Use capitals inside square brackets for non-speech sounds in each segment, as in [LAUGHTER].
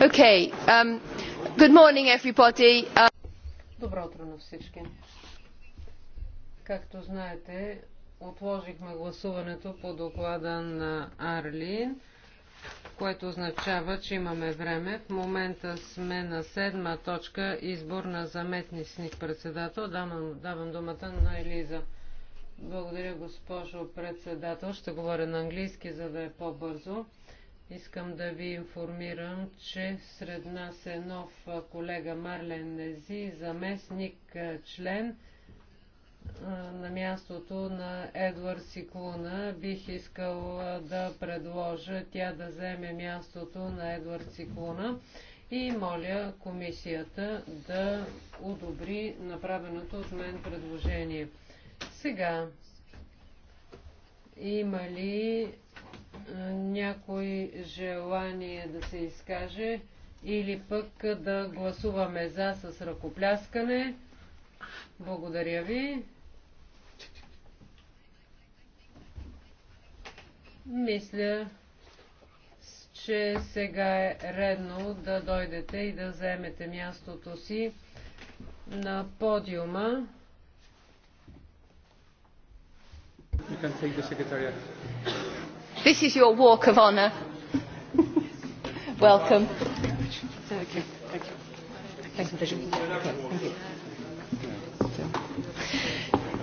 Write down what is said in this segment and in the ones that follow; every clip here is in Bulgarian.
Okay. Um, good morning everybody. Uh, Добро утро на всички. Както знаете, отложихме гласуването по доклада на Арлин, което означава, че имаме време. В момента сме на седма точка избор на заметник председател. Давам, давам думата на Елиза. Благодаря, госпожо председател. Ще говоря на английски, за да е по-бързо. Uh, Искам да ви информирам, че сред нас е нов колега Марлен Нези, заместник член на мястото на Едвард Сиклуна. Бих искал да предложа тя да вземе мястото на Едвард Сиклуна и моля комисията да одобри направеното от мен предложение. Сега, има ли някой желание да се изкаже или пък да гласуваме за с ръкопляскане. Благодаря ви. Мисля, че сега е редно да дойдете и да вземете мястото си на подиума. You can take the secretariat. This is your walk of honour. Welcome.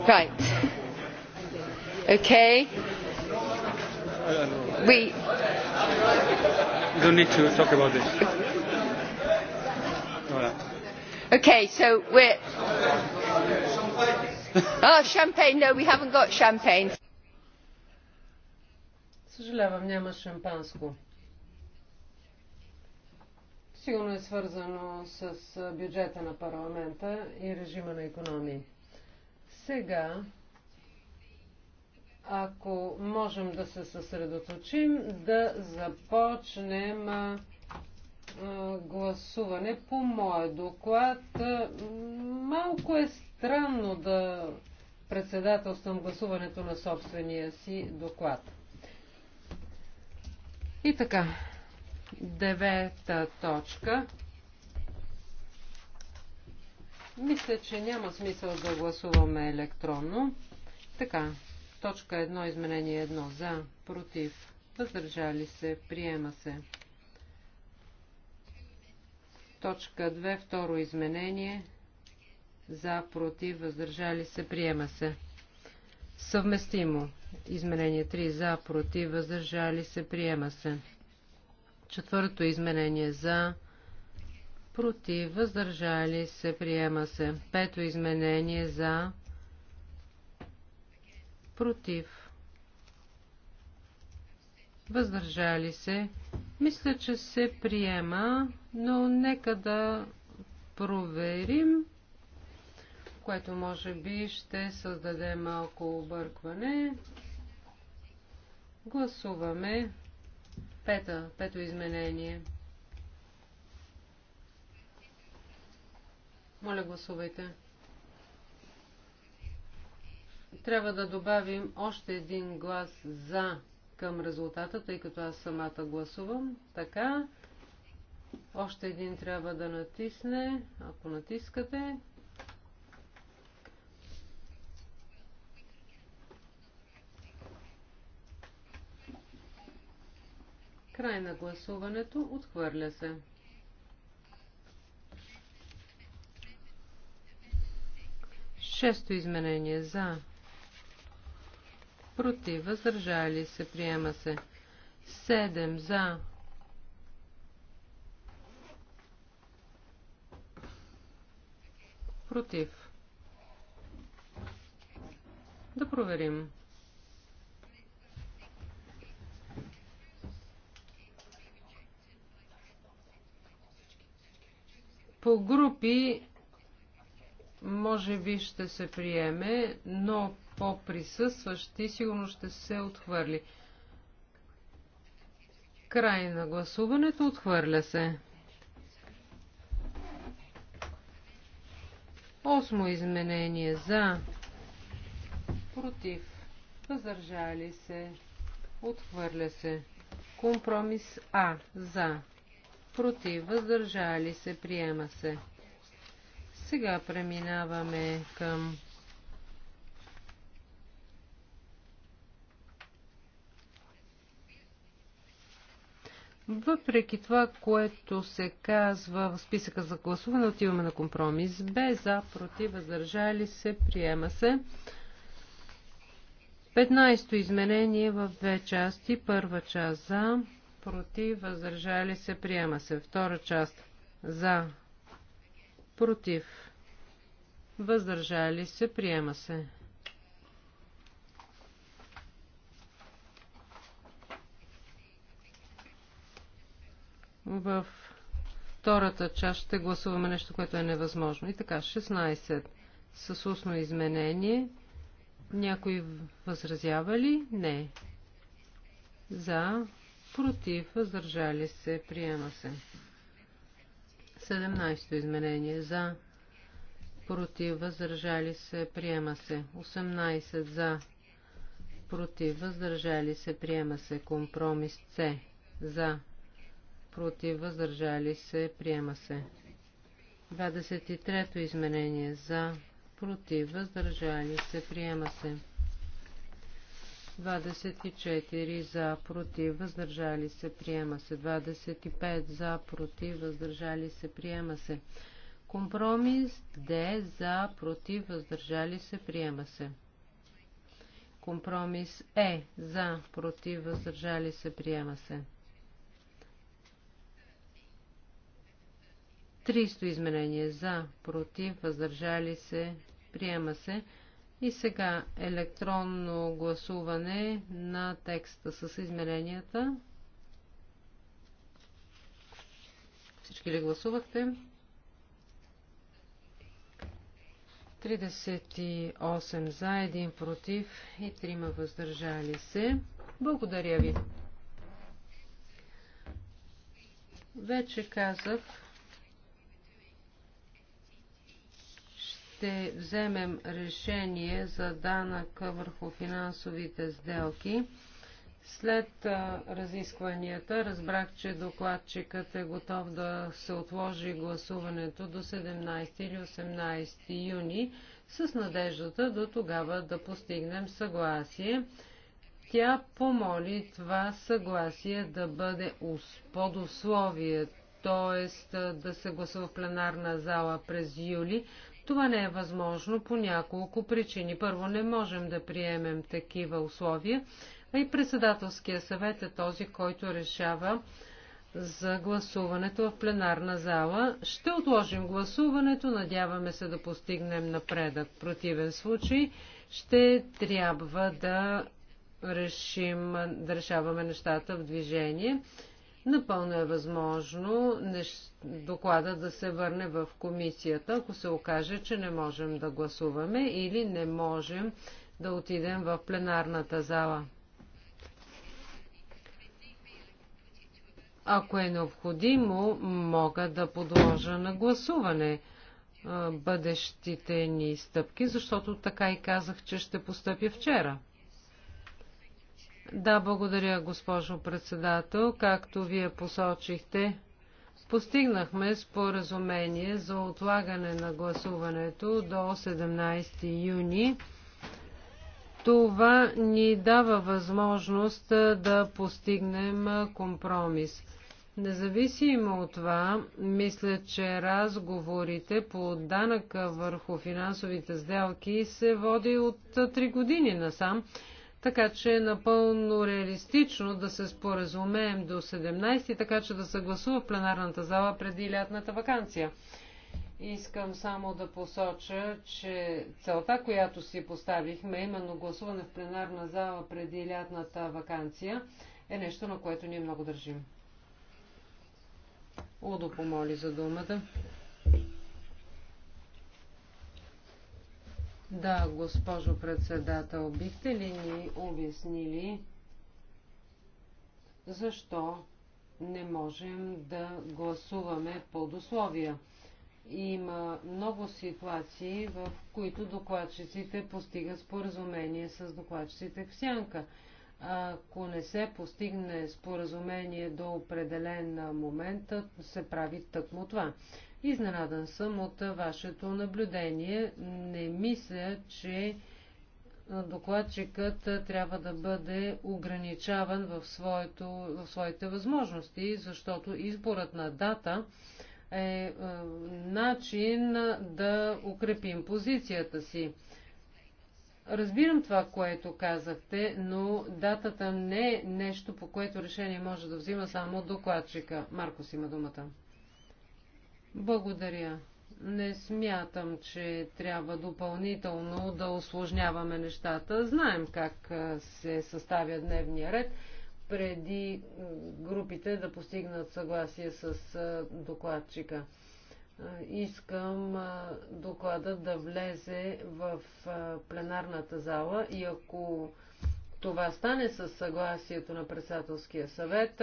Right. Okay. We don't need to talk about this. Okay, so we're. Oh, champagne. No, we haven't got champagne. Съжалявам, няма шампанско. Сигурно е свързано с бюджета на парламента и режима на економии. Сега, ако можем да се съсредоточим, да започнем гласуване по моя доклад. Малко е странно да председателствам гласуването на собствения си доклад. И така, девета точка. Мисля, че няма смисъл да гласуваме електронно. Така, точка 1, изменение 1 за, против, въздържали се, приема се. Точка 2, второ изменение за, против, въздържали се, приема се съвместимо. Изменение 3 за, против, въздържали се, приема се. Четвърто изменение за, против, въздържали се, приема се. Пето изменение за, против, въздържали се. Мисля, че се приема, но нека да проверим което може би ще създаде малко объркване. Гласуваме пета, пето изменение. Моля, гласувайте. Трябва да добавим още един глас за към резултата, тъй като аз самата гласувам. Така. Още един трябва да натисне, ако натискате. Край на гласуването. Отхвърля се. Шесто изменение за. Против. Въздържали се. Приема се. Седем за. Против. Да проверим. По групи може би ще се приеме, но по присъстващи сигурно ще се отхвърли. Край на гласуването отхвърля се. Осмо изменение за против въздържали се отхвърля се компромис А за против, въздържали се, приема се. Сега преминаваме към Въпреки това, което се казва в списъка за гласуване, отиваме на компромис. Б за, против, въздържали се, приема се. 15-то изменение в две части. Първа част за, против, въздържали се, приема се. Втора част за, против, въздържали се, приема се. В втората част ще гласуваме нещо, което е невъзможно. И така, 16 с устно изменение. Някой възразява ли? Не. За, против, въздържали се, приема се. 17 то изменение за, против, въздържали се, приема се. 18 за, против, въздържали се, приема се. Компромис С за, против, въздържали се, приема се. 23 изменение за, против, въздържали се, приема се. 24 за, против, въздържали се, приема се. 25 за, против, въздържали се, приема се. Компромис Д за, против, въздържали се, приема се. Компромис Е за, против, въздържали се, приема се. 300 изменения за, против, въздържали се, приема се. И сега електронно гласуване на текста с измеренията. Всички ли гласувахте? 38 за, 1 против и 3 въздържали се. Благодаря ви. Вече казах, ще вземем решение за данък върху финансовите сделки. След разискванията разбрах, че докладчикът е готов да се отложи гласуването до 17 или 18 юни с надеждата до тогава да постигнем съгласие. Тя помоли това съгласие да бъде под условие, т.е. да се гласува в пленарна зала през юли, това не е възможно по няколко причини. Първо, не можем да приемем такива условия, а и председателския съвет е този, който решава за гласуването в пленарна зала. Ще отложим гласуването, надяваме се да постигнем напредък. В противен случай ще трябва да решим, да решаваме нещата в движение. Напълно е възможно доклада да се върне в комисията, ако се окаже, че не можем да гласуваме или не можем да отидем в пленарната зала. Ако е необходимо, мога да подложа на гласуване бъдещите ни стъпки, защото така и казах, че ще постъпя вчера. Да, благодаря, госпожо председател. Както вие посочихте, постигнахме споразумение за отлагане на гласуването до 17 юни. Това ни дава възможност да постигнем компромис. Независимо от това, мисля, че разговорите по данъка върху финансовите сделки се води от 3 години насам така че е напълно реалистично да се споразумеем до 17, така че да се гласува в пленарната зала преди лятната вакансия. Искам само да посоча, че целта, която си поставихме, именно гласуване в пленарна зала преди лятната вакансия, е нещо, на което ние много държим. Удо помоли за думата. Да, госпожо председател, бихте ли ни обяснили защо не можем да гласуваме под условия? Има много ситуации, в които докладчиците постигат споразумение с докладчиците в сянка. Ако не се постигне споразумение до определен момент, се прави тъкмо това. Изненадан съм от вашето наблюдение. Не мисля, че докладчикът трябва да бъде ограничаван в, своето, в своите възможности, защото изборът на дата е, е начин да укрепим позицията си. Разбирам това, което казахте, но датата не е нещо, по което решение може да взима само докладчика. Маркос има думата. Благодаря. Не смятам, че трябва допълнително да осложняваме нещата. Знаем как се съставя дневния ред преди групите да постигнат съгласие с докладчика. Искам докладът да влезе в пленарната зала и ако това стане с съгласието на председателския съвет,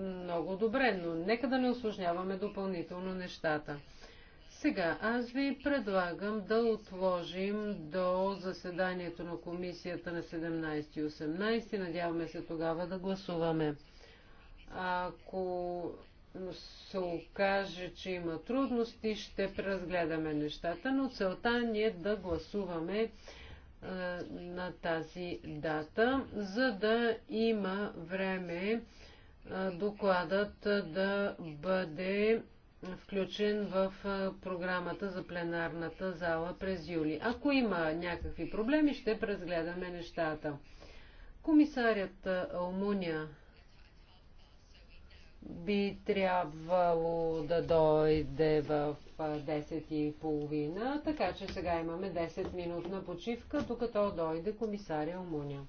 много добре, но нека да не осложняваме допълнително нещата. Сега, аз ви предлагам да отложим до заседанието на комисията на 17 и 18. Надяваме се тогава да гласуваме. Ако се окаже, че има трудности, ще преразгледаме нещата, но целта ни е да гласуваме е, на тази дата, за да има време е, докладът да бъде включен в е, програмата за пленарната зала през юли. Ако има някакви проблеми, ще презгледаме нещата. Комисарят Алмуня би трябвало да дойде в 10.30, така че сега имаме 10 минутна почивка, докато дойде комисаря Омуня.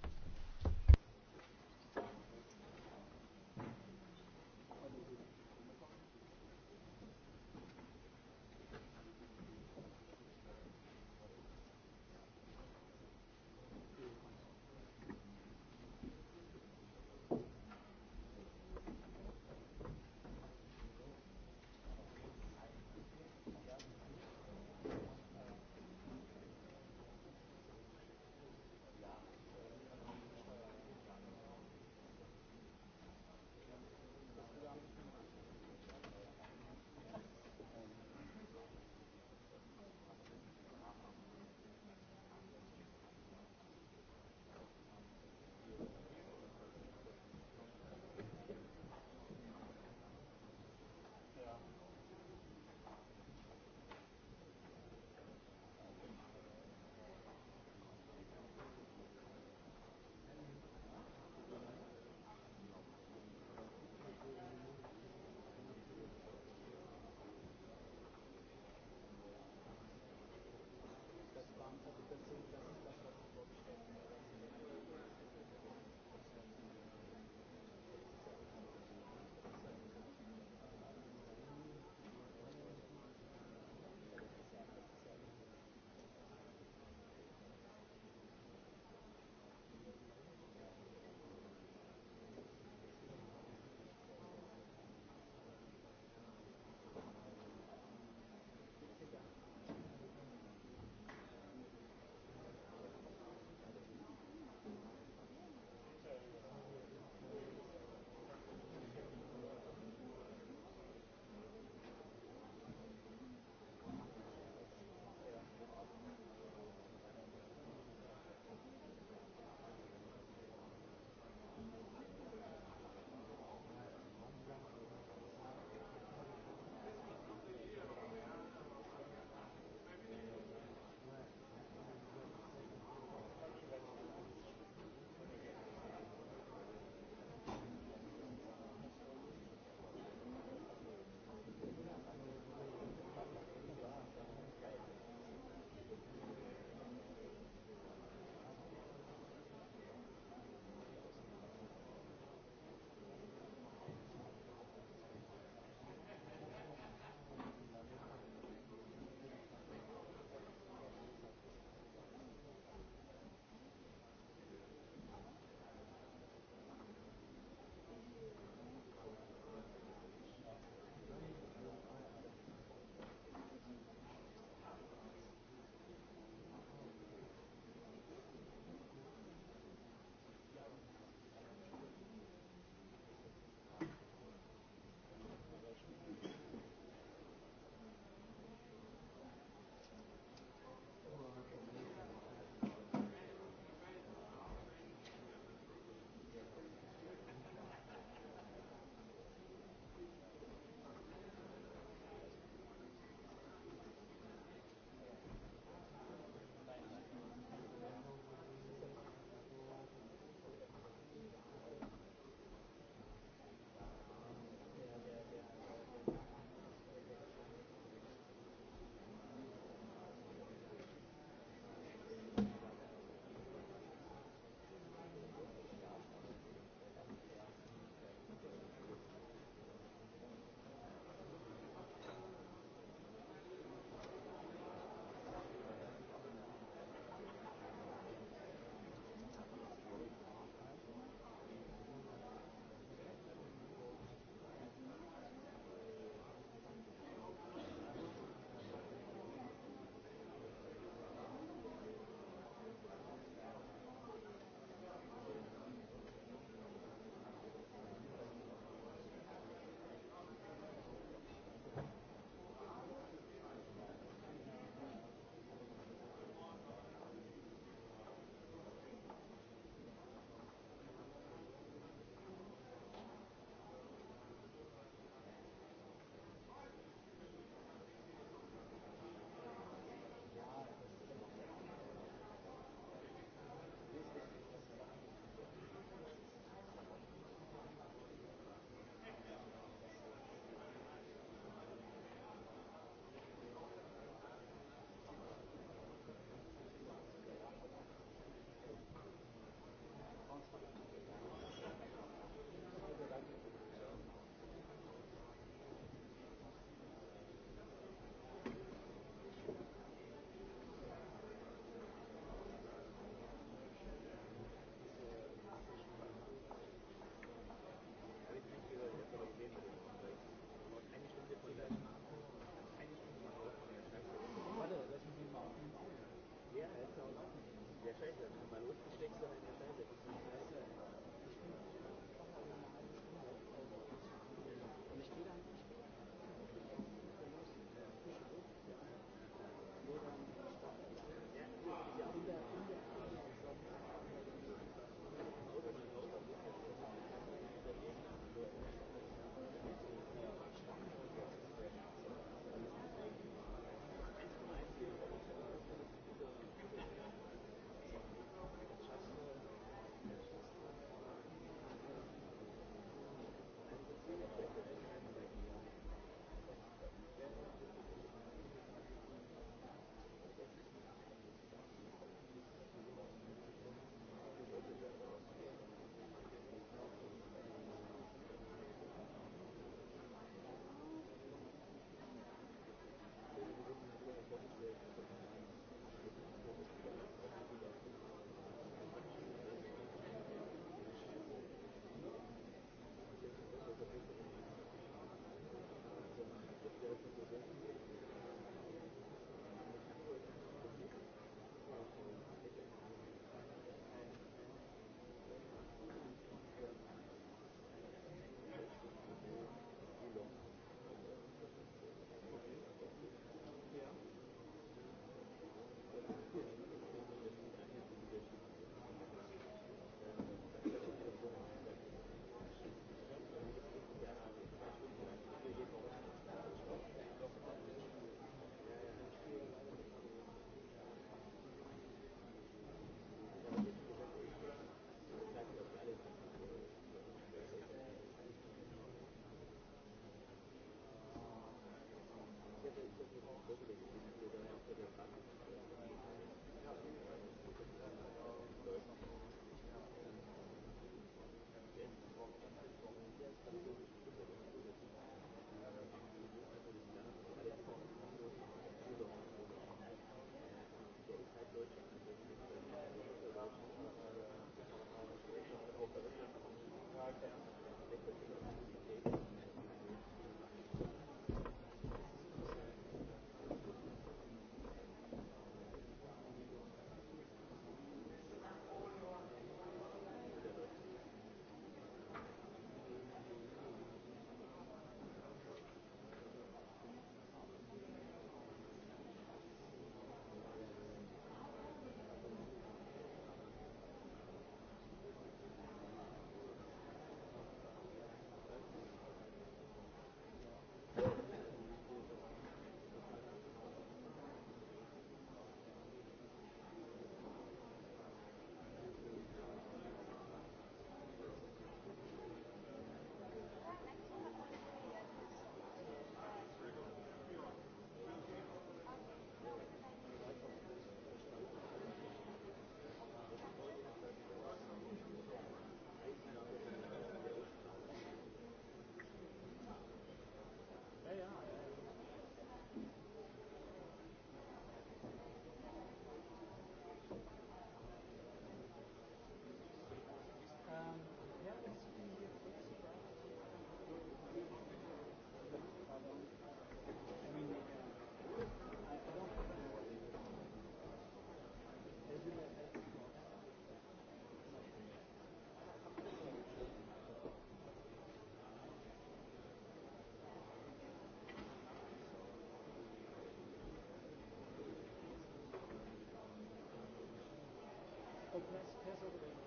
kompromiss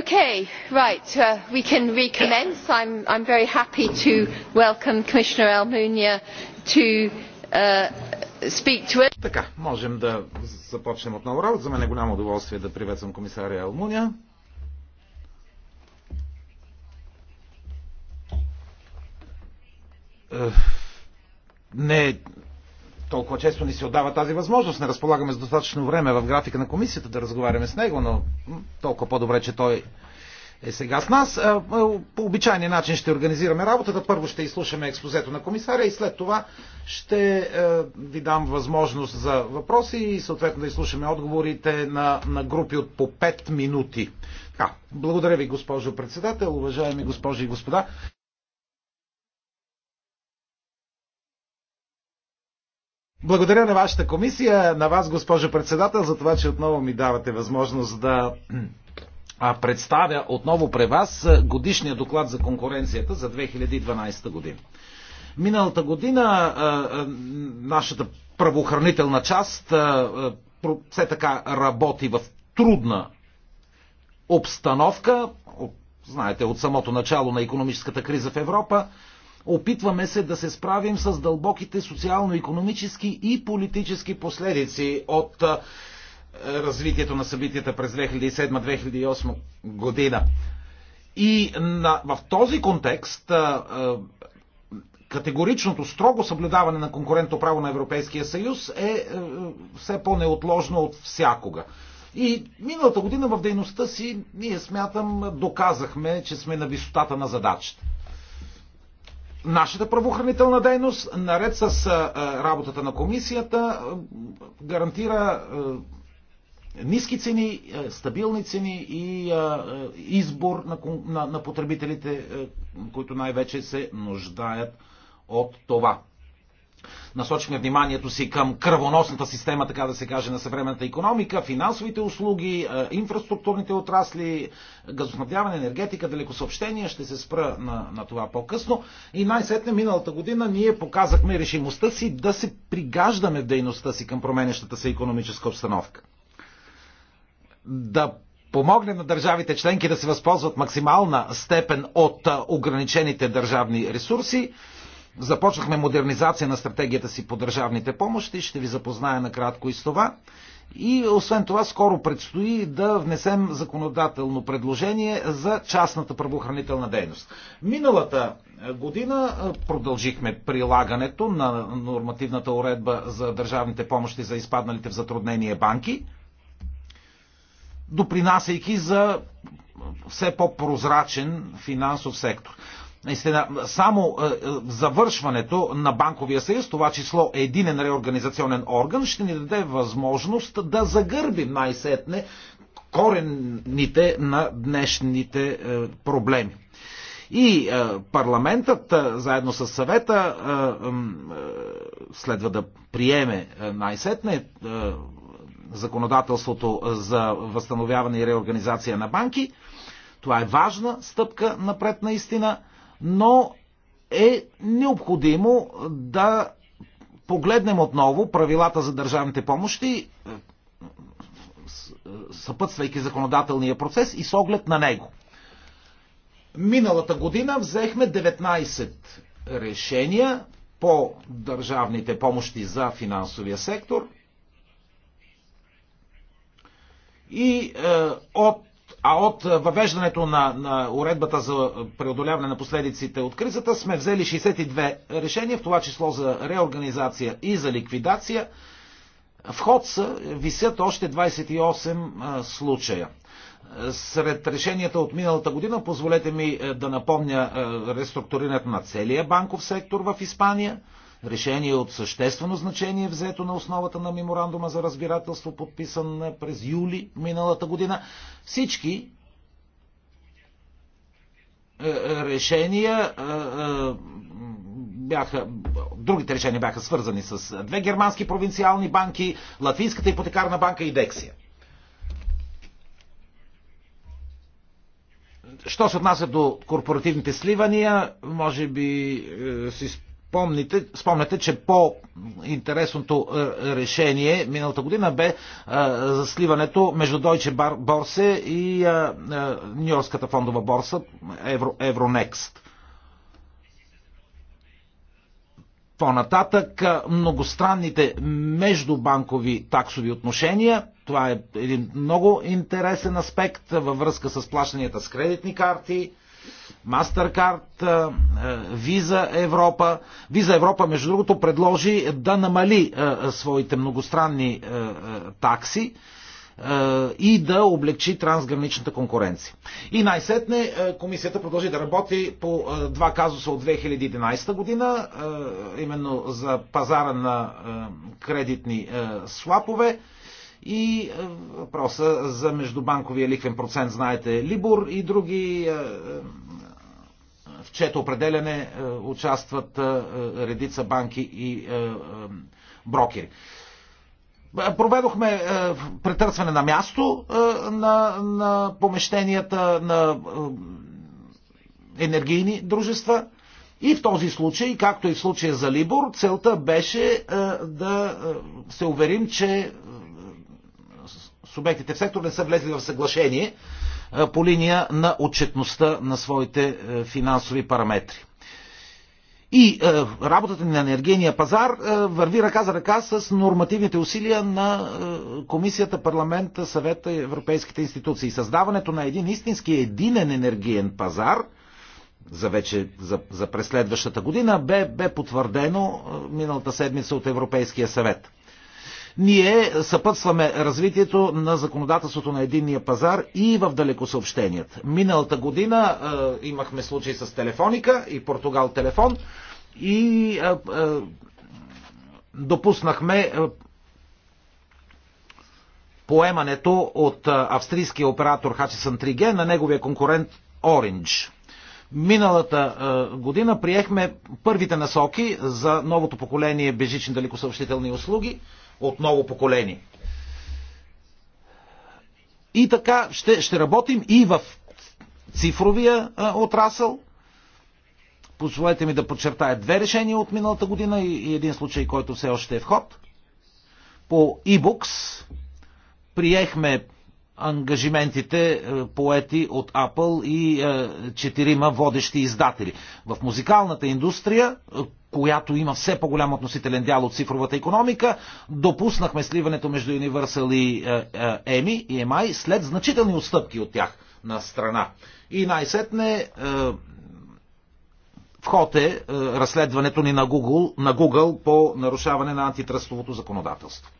Okay, right, uh, we can recommence. I'm, I'm very happy to welcome Commissioner Almunia to uh, speak to us. Така, можем да започнем отново работа. За мен е голямо удоволствие да приветствам комисаря Алмуния. Е, не е толкова често ни се отдава тази възможност. Не разполагаме с достатъчно време в графика на комисията да разговаряме с него, но толкова по-добре, че той е сега с нас. По обичайния начин ще организираме работата. Първо ще изслушаме експозето на комисаря и след това ще е, ви дам възможност за въпроси и съответно да изслушаме отговорите на, на групи от по 5 минути. Така, благодаря ви, госпожо председател, уважаеми госпожи и господа. Благодаря на вашата комисия, на вас, госпожо председател, за това, че отново ми давате възможност да представя отново при вас годишния доклад за конкуренцията за 2012 година. Миналата година нашата правоохранителна част все така работи в трудна обстановка, знаете, от самото начало на економическата криза в Европа, Опитваме се да се справим с дълбоките социално-економически и политически последици от развитието на събитията през 2007-2008 година. И на, в този контекст а, а, категоричното строго съблюдаване на конкурентно право на Европейския съюз е а, е, все по-неотложно от всякога. И миналата година в дейността си ние смятам доказахме, че сме на висотата на задачата нашата правоохранителна дейност, наред с работата на комисията, гарантира ниски цени, стабилни цени и избор на, на, на потребителите, които най-вече се нуждаят от това насочихме вниманието си към кръвоносната система, така да се каже, на съвременната економика, финансовите услуги, е, инфраструктурните отрасли, газоснабдяване, енергетика, далекосъобщения. Ще се спра на, на това по-късно. И най-сетне миналата година ние показахме решимостта си да се пригаждаме в дейността си към променещата се економическа обстановка. Да помогне на държавите членки да се възползват максимална степен от е, ограничените държавни ресурси, Започнахме модернизация на стратегията си по държавните помощи. Ще ви запозная накратко и с това. И освен това, скоро предстои да внесем законодателно предложение за частната правоохранителна дейност. Миналата година продължихме прилагането на нормативната уредба за държавните помощи за изпадналите в затруднение банки, допринасяйки за все по-прозрачен финансов сектор наистина само е, е, завършването на банковия съюз, това число е единен реорганизационен орган, ще ни даде възможност да загърбим най-сетне корените на днешните е, проблеми. И парламентът, заедно с съвета, следва да приеме най-сетне законодателството за възстановяване и реорганизация на банки. Това е важна стъпка напред наистина но е необходимо да погледнем отново правилата за държавните помощи, е, съпътствайки законодателния процес и с оглед на него. Миналата година взехме 19 решения по държавните помощи за финансовия сектор и е, от а от въвеждането на, на уредбата за преодоляване на последиците от кризата сме взели 62 решения, в това число за реорганизация и за ликвидация. В ход са, висят още 28 случая. Сред решенията от миналата година, позволете ми да напомня реструктурирането на целия банков сектор в Испания – Решение от съществено значение взето на основата на меморандума за разбирателство, подписан през юли миналата година. Всички е, е, решения е, бяха, другите решения бяха свързани с две германски провинциални банки, Латвийската ипотекарна банка и Дексия. Що се отнася до корпоративните сливания, може би е, си Помните, спомняте, че по-интересното е, решение миналата година бе е, за сливането между Deutsche Борсе и е, Нью-Йоркската фондова борса Евро, Евронекст. По-нататък многостранните междубанкови таксови отношения. Това е един много интересен аспект във връзка с плащанията с кредитни карти Mastercard, Visa е, е, Европа. Visa Европа, между другото, предложи да намали е, своите многостранни такси и да облегчи трансграничната конкуренция. И най-сетне комисията продължи да работи по два казуса от 2011 година, именно за пазара на кредитни слапове и въпроса за междубанковия лихвен процент, знаете, Либор и други в чето определене е, участват е, е, редица банки и брокери. Проведохме претърсване на място на, на помещенията на енергийни дружества. И в този случай, както и в случая за Либор, целта беше да се уверим, че субектите в сектор не са влезли в съглашение по линия на отчетността на своите е, финансови параметри. И е, работата на енергийния пазар е, върви ръка за ръка с нормативните усилия на е, Комисията, парламента, съвета и европейските институции. Създаването на един истински единен енергиен пазар за вече за, за преследващата година бе, бе потвърдено е, миналата седмица от Европейския съвет. Ние съпътстваме развитието на законодателството на единния пазар и в далекосъобщенията. Миналата година е, имахме случай с телефоника и Португал телефон и е, е, допуснахме е, поемането от е, австрийския оператор Hutchison 3G на неговия конкурент Orange. Миналата е, година приехме първите насоки за новото поколение бежични далекосъобщителни услуги – от ново поколение. И така ще, ще работим и в цифровия а, отрасъл. Позволете ми да подчертая две решения от миналата година и, и един случай, който все още е в ход. По e-books приехме ангажиментите е, поети от Apple и е, четирима водещи издатели. В музикалната индустрия е, която има все по-голям относителен дял от цифровата економика, допуснахме сливането между Universal и EMI е, е, и EMI след значителни отстъпки от тях на страна. И най-сетне е, вход е разследването ни на Google, на Google по нарушаване на антитръстовото законодателство.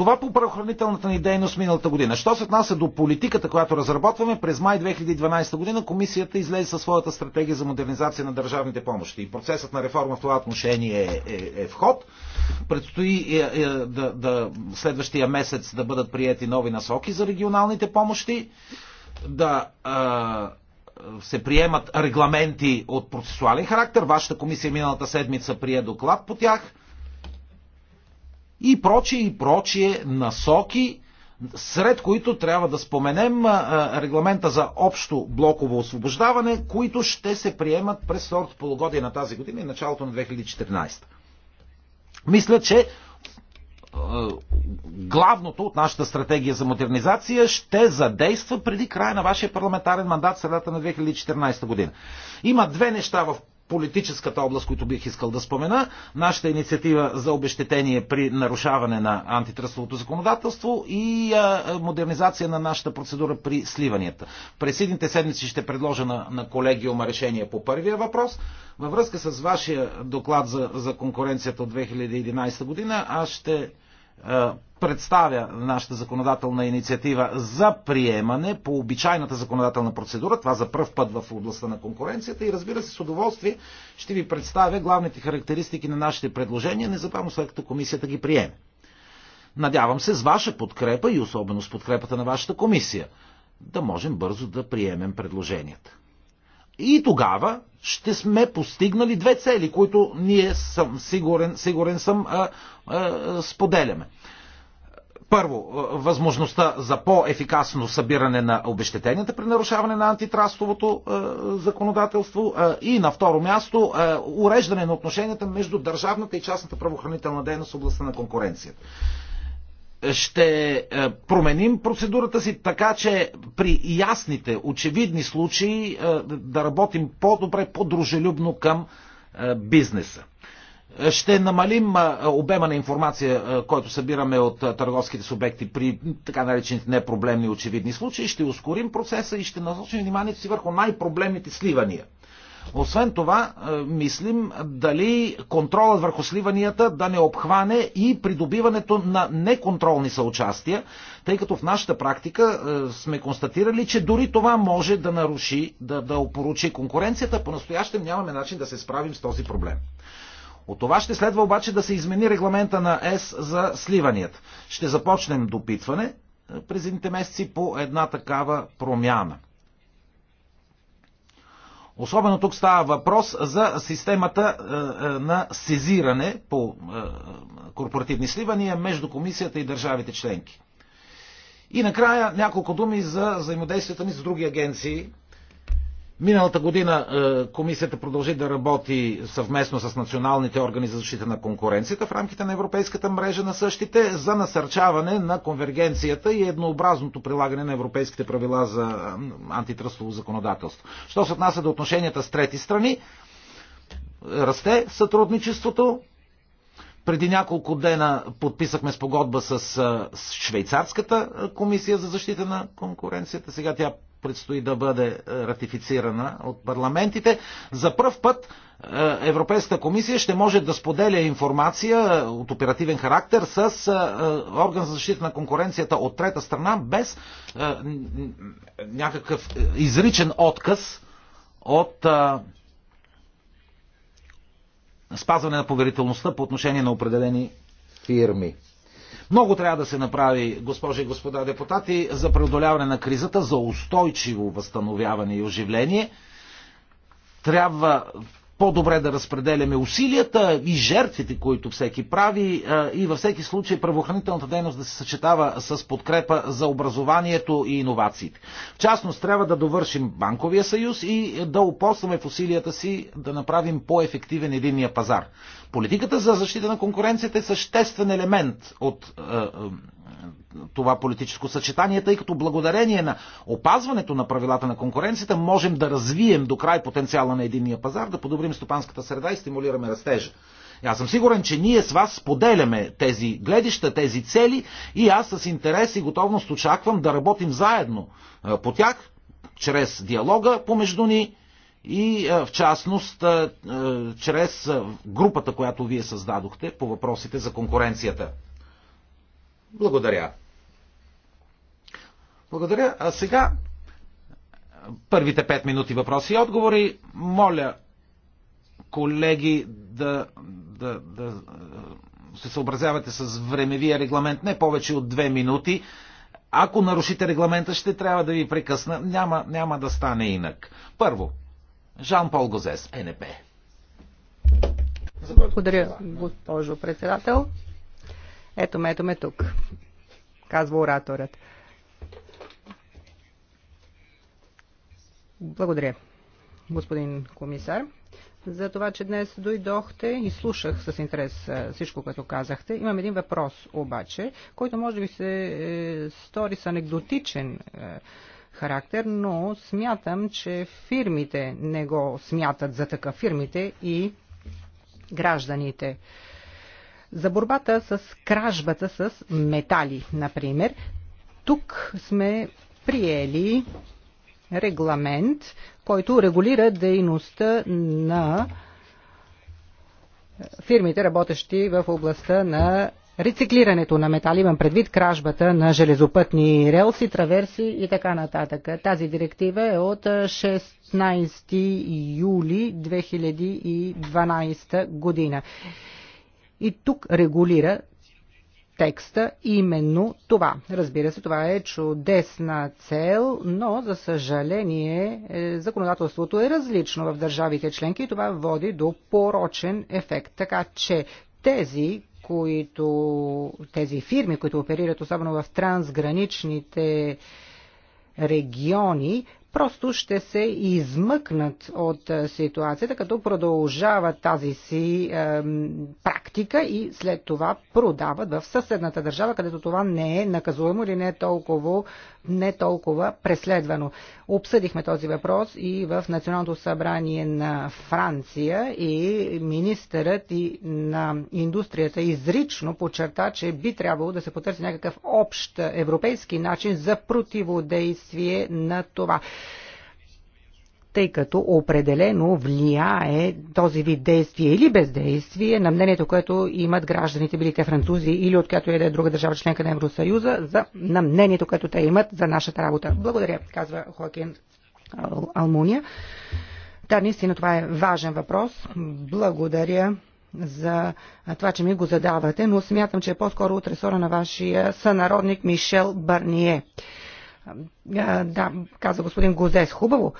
Това по правоохранителната ни дейност миналата година. Що се отнася до политиката, която разработваме, през май 2012 година комисията излезе със своята стратегия за модернизация на държавните помощи. И процесът на реформа в това отношение е, е, е в ход. Предстои е, е, да, да, следващия месец да бъдат приети нови насоки за регионалните помощи, да е, се приемат регламенти от процесуален характер. Вашата комисия миналата седмица прие доклад по тях и прочие и прочие насоки, сред които трябва да споменем регламента за общо блоково освобождаване, които ще се приемат през второто полугодие на тази година и началото на 2014. Мисля, че главното от нашата стратегия за модернизация ще задейства преди края на вашия парламентарен мандат, средата на 2014 година. Има две неща в политическата област, които бих искал да спомена, нашата инициатива за обещетение при нарушаване на антитръстовото законодателство и а, модернизация на нашата процедура при сливанията. През едните седмици ще предложа на, на колегиума решение по първия въпрос. Във връзка с вашия доклад за, за конкуренцията от 2011 година, аз ще е, представя нашата законодателна инициатива за приемане по обичайната законодателна процедура, това за пръв път в областта на конкуренцията и разбира се с удоволствие ще ви представя главните характеристики на нашите предложения, незабавно след като комисията ги приеме. Надявам се с ваша подкрепа и особено с подкрепата на вашата комисия да можем бързо да приемем предложенията. И тогава ще сме постигнали две цели, които ние съм сигурен, сигурен съм а, а, споделяме. Първо, възможността за по-ефикасно събиране на обещетенията при нарушаване на антитрастовото е, законодателство е, и на второ място е, уреждане на отношенията между държавната и частната правоохранителна дейност в областта на конкуренцията ще е, променим процедурата си така, че при ясните, очевидни случаи е, да работим по-добре, по-дружелюбно към е, бизнеса. Ще намалим обема на информация, който събираме от търговските субекти при така наречените непроблемни очевидни случаи, ще ускорим процеса и ще насочим вниманието си върху най-проблемните сливания – освен това, е, мислим дали контролът върху сливанията да не обхване и придобиването на неконтролни съучастия, тъй като в нашата практика е, сме констатирали, че дори това може да наруши, да, да опоручи конкуренцията. По-настоящем нямаме начин да се справим с този проблем. От това ще следва обаче да се измени регламента на ЕС за сливанията. Ще започнем допитване е, през едните месеци по една такава промяна. Особено тук става въпрос за системата е, е, на сезиране по е, корпоративни сливания между комисията и държавите членки. И накрая няколко думи за взаимодействията ни с други агенции Миналата година е, комисията продължи да работи съвместно с националните органи за защита на конкуренцията в рамките на Европейската мрежа на същите за насърчаване на конвергенцията и еднообразното прилагане на европейските правила за антитръстово законодателство. Що се отнася до отношенията с трети страни, расте сътрудничеството. Преди няколко дена подписахме спогодба с, е, Швейцарската е, комисия за защита на конкуренцията. Сега тя предстои да бъде е, ратифицирана от парламентите, за първ път е, Европейската комисия ще може да споделя информация е, от оперативен характер с орган за защита на конкуренцията от трета страна, без някакъв изричен отказ от спазване на поверителността по отношение на определени фирми. Много трябва да се направи, госпожи и господа депутати, за преодоляване на кризата, за устойчиво възстановяване и оживление. Трябва по-добре да разпределяме усилията и жертвите, които всеки прави и във всеки случай правоохранителната дейност да се съчетава с подкрепа за образованието и иновациите. В частност, трябва да довършим банковия съюз и да упорстваме в усилията си да направим по-ефективен единния пазар. Политиката за защита на конкуренцията е съществен елемент от това политическо съчетание, тъй като благодарение на опазването на правилата на конкуренцията можем да развием до край потенциала на единния пазар, да подобрим стопанската среда и стимулираме растежа. Аз съм сигурен, че ние с вас споделяме тези гледища, тези цели и аз с интерес и готовност очаквам да работим заедно по тях, чрез диалога помежду ни и в частност чрез групата, която вие създадохте по въпросите за конкуренцията. Благодаря. Благодаря. А сега първите пет минути въпроси и отговори. Моля колеги да, да, да се съобразявате с времевия регламент не повече от две минути. Ако нарушите регламента, ще трябва да ви прекъсна. Няма, няма да стане инак. Първо, Жан-Пол Гозес, НП. Благодаря, госпожо председател. Ето ме, ето ме тук, казва ораторът. Благодаря, господин комисар, за това, че днес дойдохте и слушах с интерес всичко, което казахте. Имам един въпрос обаче, който може би се е, стори с анекдотичен е, характер, но смятам, че фирмите не го смятат за такъв. Фирмите и гражданите. За борбата с кражбата с метали, например, тук сме приели регламент, който регулира дейността на фирмите, работещи в областта на рециклирането на метали, имам предвид кражбата на железопътни релси, траверси и така нататък. Тази директива е от 16 юли 2012 година. И тук регулира текста именно това. Разбира се, това е чудесна цел, но за съжаление е, законодателството е различно в държавите членки и това води до порочен ефект. Така че тези, които, тези фирми, които оперират особено в трансграничните региони, просто ще се измъкнат от е, ситуацията, като продължават тази си е, практика и след това продават в съседната държава, където това не е наказуемо или не е толкова е, не толкова преследвано. Обсъдихме този въпрос и в Националното събрание на Франция и министърът и на индустрията изрично подчерта, че би трябвало да се потърси някакъв общ европейски начин за противодействие на това тъй като определено влияе този вид действие или бездействие на мнението, което имат гражданите, били те французи или от която и да е друга държава членка на Евросъюза, за, на мнението, което те имат за нашата работа. Благодаря, казва Хоакин Ал Алмуния. Да, наистина това е важен въпрос. Благодаря за това, че ми го задавате, но смятам, че е по-скоро от ресора на вашия сънародник Мишел Барние. Да, каза господин Гозес, хубаво,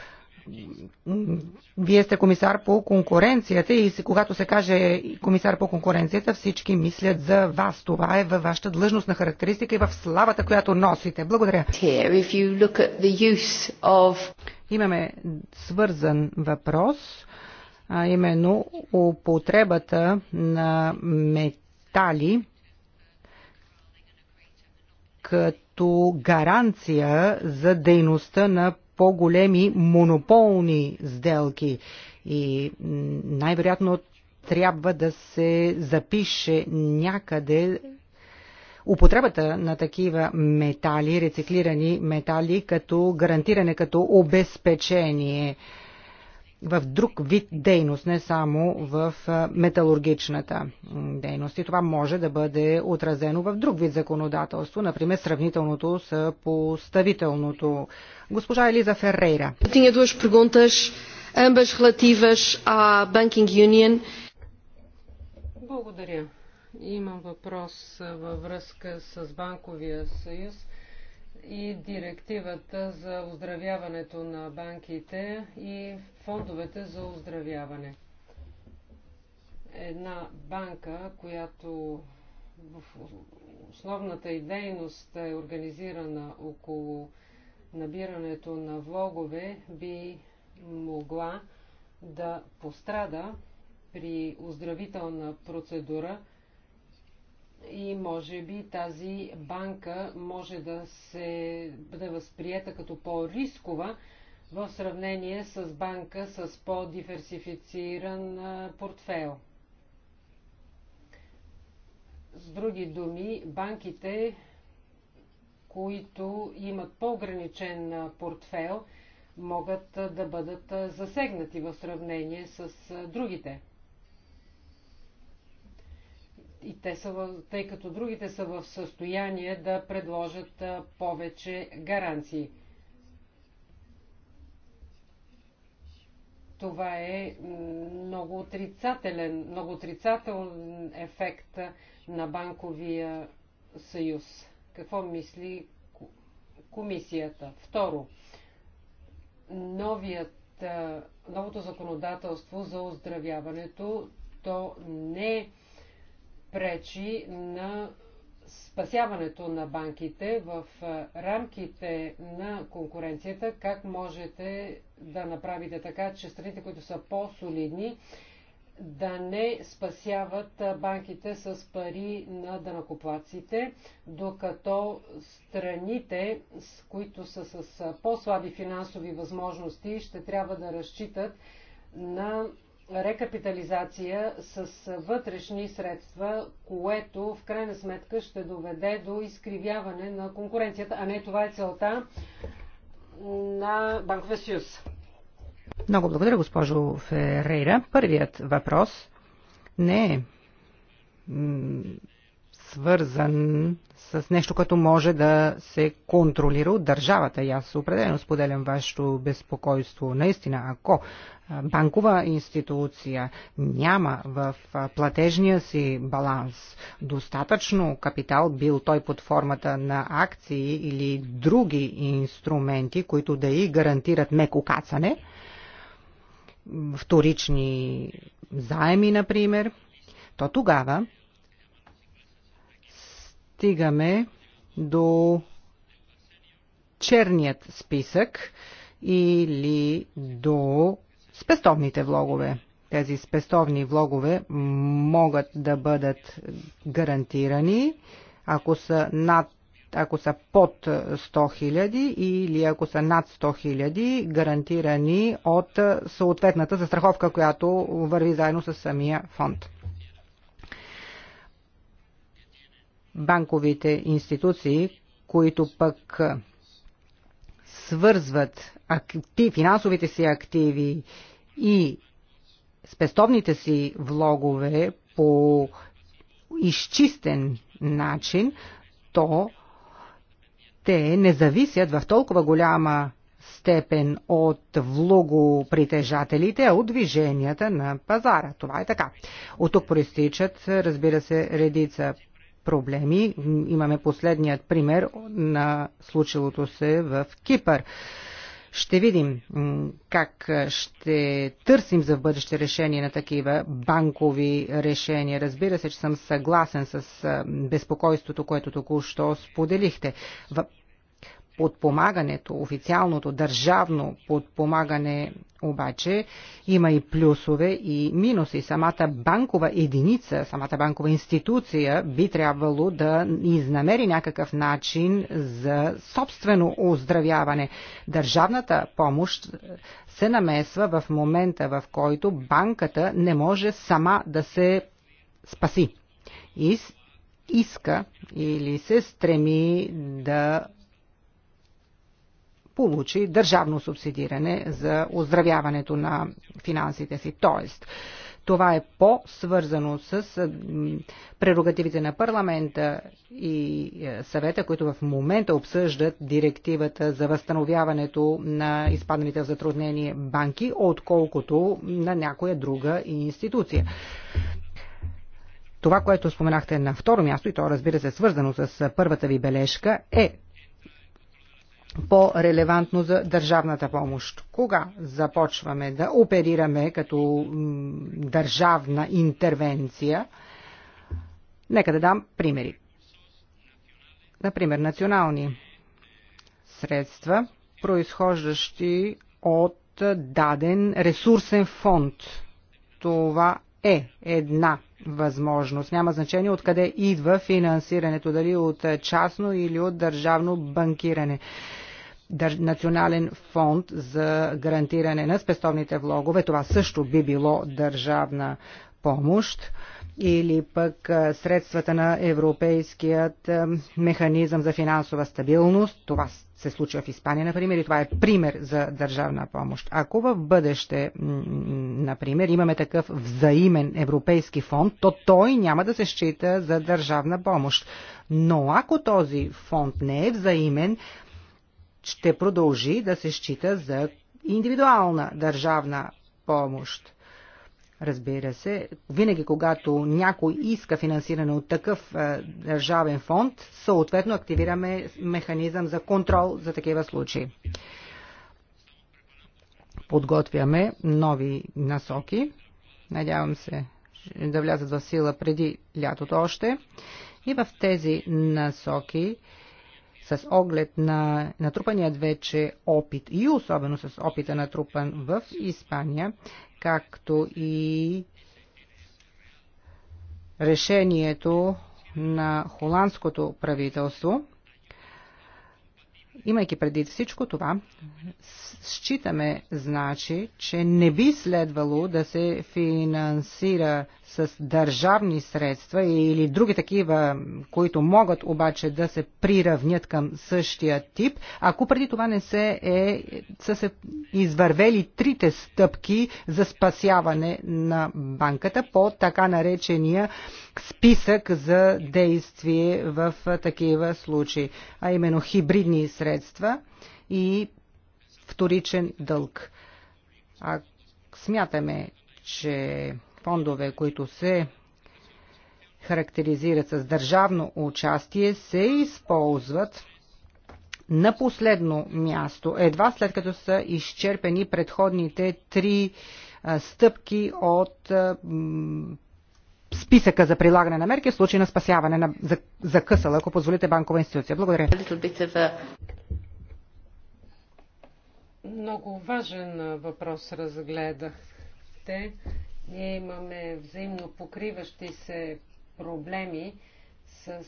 вие сте комисар по конкуренцията и когато се каже комисар по конкуренцията, всички мислят за вас. Това е във вашата длъжностна характеристика и в славата, която носите. Благодаря. Of... Имаме свързан въпрос, а именно употребата на метали като гаранция за дейността на по-големи монополни сделки. И най-вероятно трябва да се запише някъде употребата на такива метали, рециклирани метали, като гарантиране, като обезпечение в друг вид дейност, не само в металургичната дейност. И това може да бъде отразено в друг вид законодателство, например сравнителното с поставителното. Госпожа Елиза Феррейра. Tinha duas perguntas, ambas relativas à банкинг Union. Благодаря. Имам въпрос във връзка с Банковия съюз и директивата за оздравяването на банките и фондовете за оздравяване. Една банка, която в основната и дейност е организирана около набирането на влогове, би могла да пострада при оздравителна процедура и може би тази банка може да се бъде възприета като по-рискова в сравнение с банка с по-диверсифициран портфел. С други думи, банките, които имат по-ограничен портфел, могат да бъдат засегнати в сравнение с другите и те са тъй като другите са в състояние да предложат повече гаранции. Това е много отрицателен, много отрицателен ефект на банковия съюз. Какво мисли комисията? Второ, новият, новото законодателство за оздравяването, то не е пречи на спасяването на банките в рамките на конкуренцията, как можете да направите така, че страните, които са по-солидни, да не спасяват банките с пари на данакоплаците, докато страните, които са с по-слаби финансови възможности, ще трябва да разчитат на рекапитализация с вътрешни средства, което в крайна сметка ще доведе до изкривяване на конкуренцията, а не това е целта на Банкове съюз. Много благодаря, госпожо Ферейра. Първият въпрос не е свързан с нещо, което може да се контролира от държавата. И аз определено споделям вашето безпокойство. Наистина, ако банкова институция няма в платежния си баланс достатъчно капитал, бил той под формата на акции или други инструменти, които да и гарантират меко кацане, вторични заеми, например, то тогава стигаме до черният списък или до спестовните влогове. Тези спестовни влогове могат да бъдат гарантирани, ако са над ако са под 100 000 или ако са над 100 000, гарантирани от съответната застраховка, която върви заедно с самия фонд. банковите институции, които пък свързват актив, финансовите си активи и спестовните си влогове по изчистен начин, то те не зависят в толкова голяма степен от влогопритежателите, а от движенията на пазара. Това е така. От тук проистичат, разбира се, редица проблеми. Имаме последният пример на случилото се в Кипър. Ще видим как ще търсим за бъдеще решение на такива банкови решения. Разбира се, че съм съгласен с безпокойството, което току-що споделихте подпомагането, официалното държавно подпомагане обаче има и плюсове и минуси. Самата банкова единица, самата банкова институция би трябвало да изнамери някакъв начин за собствено оздравяване. Държавната помощ се намесва в момента, в който банката не може сама да се спаси. И иска или се стреми да получи държавно субсидиране за оздравяването на финансите си. Тоест, това е по-свързано с прерогативите на парламента и е, съвета, които в момента обсъждат директивата за възстановяването на изпадналите в затруднение банки, отколкото на някоя друга институция. Това, което споменахте на второ място, и то разбира се свързано с първата ви бележка, е по-релевантно за държавната помощ. Кога започваме да оперираме като държавна интервенция? Нека да дам примери. Например, национални средства, произхождащи от даден ресурсен фонд. Това е една възможност. Няма значение откъде идва финансирането, дали от частно или от държавно банкиране национален фонд за гарантиране на спестовните влогове. Това също би било държавна помощ или пък средствата на Европейският механизъм за финансова стабилност. Това се случва в Испания, например, и това е пример за държавна помощ. Ако в бъдеще, например, имаме такъв взаимен европейски фонд, то той няма да се счита за държавна помощ. Но ако този фонд не е взаимен, ще продължи да се счита за индивидуална държавна помощ. Разбира се, винаги когато някой иска финансиране от такъв е, държавен фонд, съответно активираме механизъм за контрол за такива случаи. Подготвяме нови насоки. Надявам се да влязат в сила преди лятото още. И в тези насоки с оглед на натрупаният вече опит и особено с опита натрупан в Испания, както и решението на холандското правителство, Имайки преди всичко това, считаме, значи, че не би следвало да се финансира с държавни средства или други такива, които могат обаче да се приравнят към същия тип, ако преди това не се е, са се извървели трите стъпки за спасяване на банката по така наречения списък за действие в такива случаи, а именно хибридни средства и вторичен дълг. А смятаме, че фондове, които се характеризират с държавно участие, се използват на последно място, едва след като са изчерпени предходните три стъпки от списъка за прилагане на мерки в случай на спасяване на закъсала, ако позволите, банкова институция. Благодаря. Много важен въпрос разгледахте. Ние имаме взаимно покриващи се проблеми с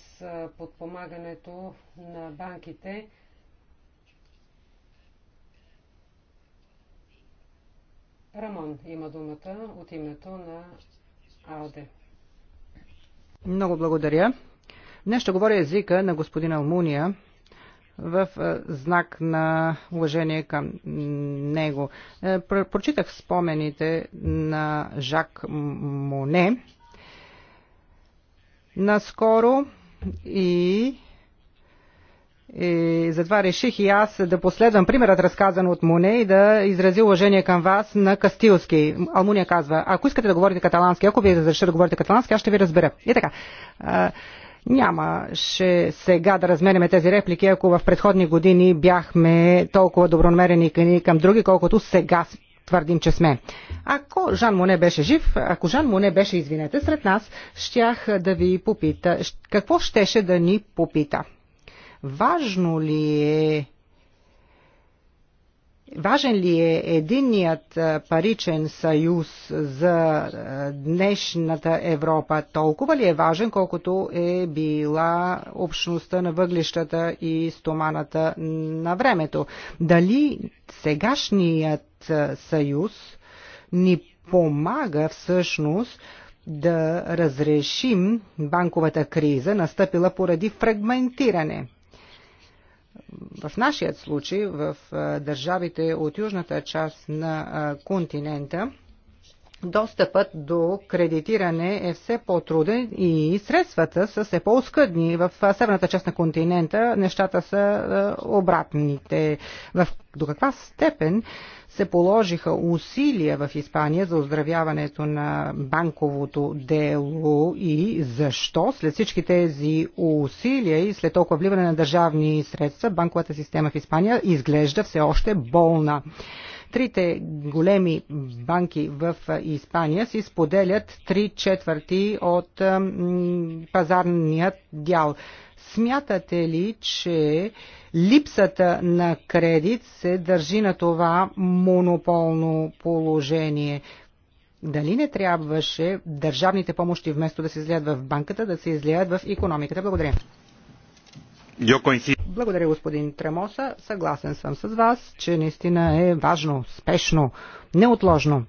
подпомагането на банките. Рамон има думата от името на АОДЕ. Много благодаря. Днес ще говоря езика на господин Алмуния, в е, знак на уважение към него. Е, прочитах спомените на Жак Моне наскоро и и затова реших и аз да последвам примерът разказан от Моне и да изрази уважение към вас на Кастилски. Алмуния казва, ако искате да говорите каталански, ако ви е разреша да говорите каталански, аз ще ви разбера. И така. Нямаше сега да разменяме тези реплики, ако в предходни години бяхме толкова добронамерени към други, колкото сега твърдим, че сме. Ако Жан Моне беше жив, ако Жан Моне беше, извинете, сред нас, щях да ви попита, какво щеше да ни попита? Важно ли е Важен ли е единният паричен съюз за днешната Европа? Толкова ли е важен, колкото е била общността на въглищата и стоманата на времето? Дали сегашният съюз ни помага всъщност да разрешим банковата криза, настъпила поради фрагментиране? в нашият случай в държавите от южната част на континента достъпът до кредитиране е все по-труден и средствата са все по-оскъдни. В северната част на континента нещата са е, обратните. В, до каква степен се положиха усилия в Испания за оздравяването на банковото дело и защо след всички тези усилия и след толкова вливане на държавни средства банковата система в Испания изглежда все още болна. Трите големи банки в Испания си споделят три четвърти от пазарният дял. Смятате ли, че липсата на кредит се държи на това монополно положение? Дали не трябваше държавните помощи вместо да се излияят в банката, да се излеят в економиката? Благодаря. Благодаря, господин Тремоса. Съгласен съм с вас, че наистина е важно, спешно, неотложно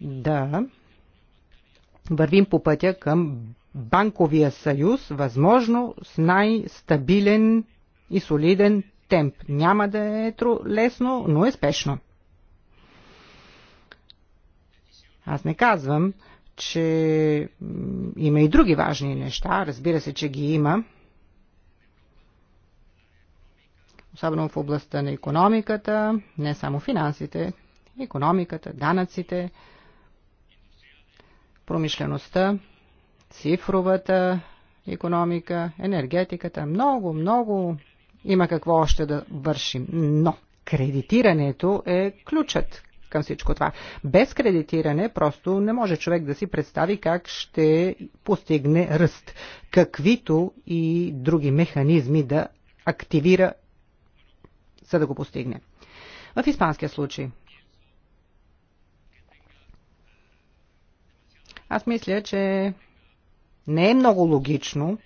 да вървим по пътя към банковия съюз, възможно с най-стабилен и солиден темп. Няма да е лесно, но е спешно. Аз не казвам, че има и други важни неща, разбира се, че ги има – особено в областта на економиката, не само финансите, економиката, данъците, промишлеността, цифровата економика, енергетиката. Много, много има какво още да вършим. Но кредитирането е ключът към всичко това. Без кредитиране просто не може човек да си представи как ще постигне ръст, каквито и други механизми да активира за да го постигне. В испанския случай. Аз мисля, че не е много логично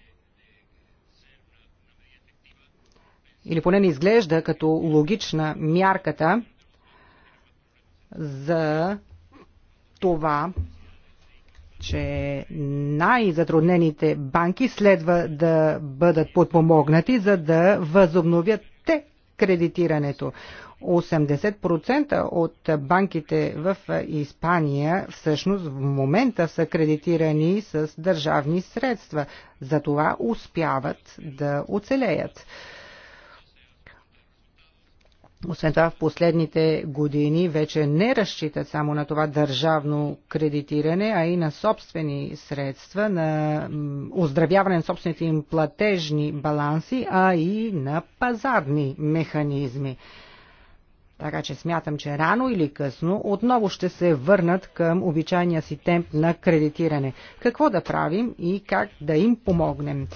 или поне не изглежда като логична мярката за това, че най-затруднените банки следва да бъдат подпомогнати, за да възобновят кредитирането. 80% от банките в Испания всъщност в момента са кредитирани с държавни средства. Затова успяват да оцелеят. Освен това, в последните години вече не разчитат само на това държавно кредитиране, а и на собствени средства, на оздравяване на собствените им платежни баланси, а и на пазарни механизми. Така че смятам, че рано или късно отново ще се върнат към обичайния си темп на кредитиране. Какво да правим и как да им помогнем?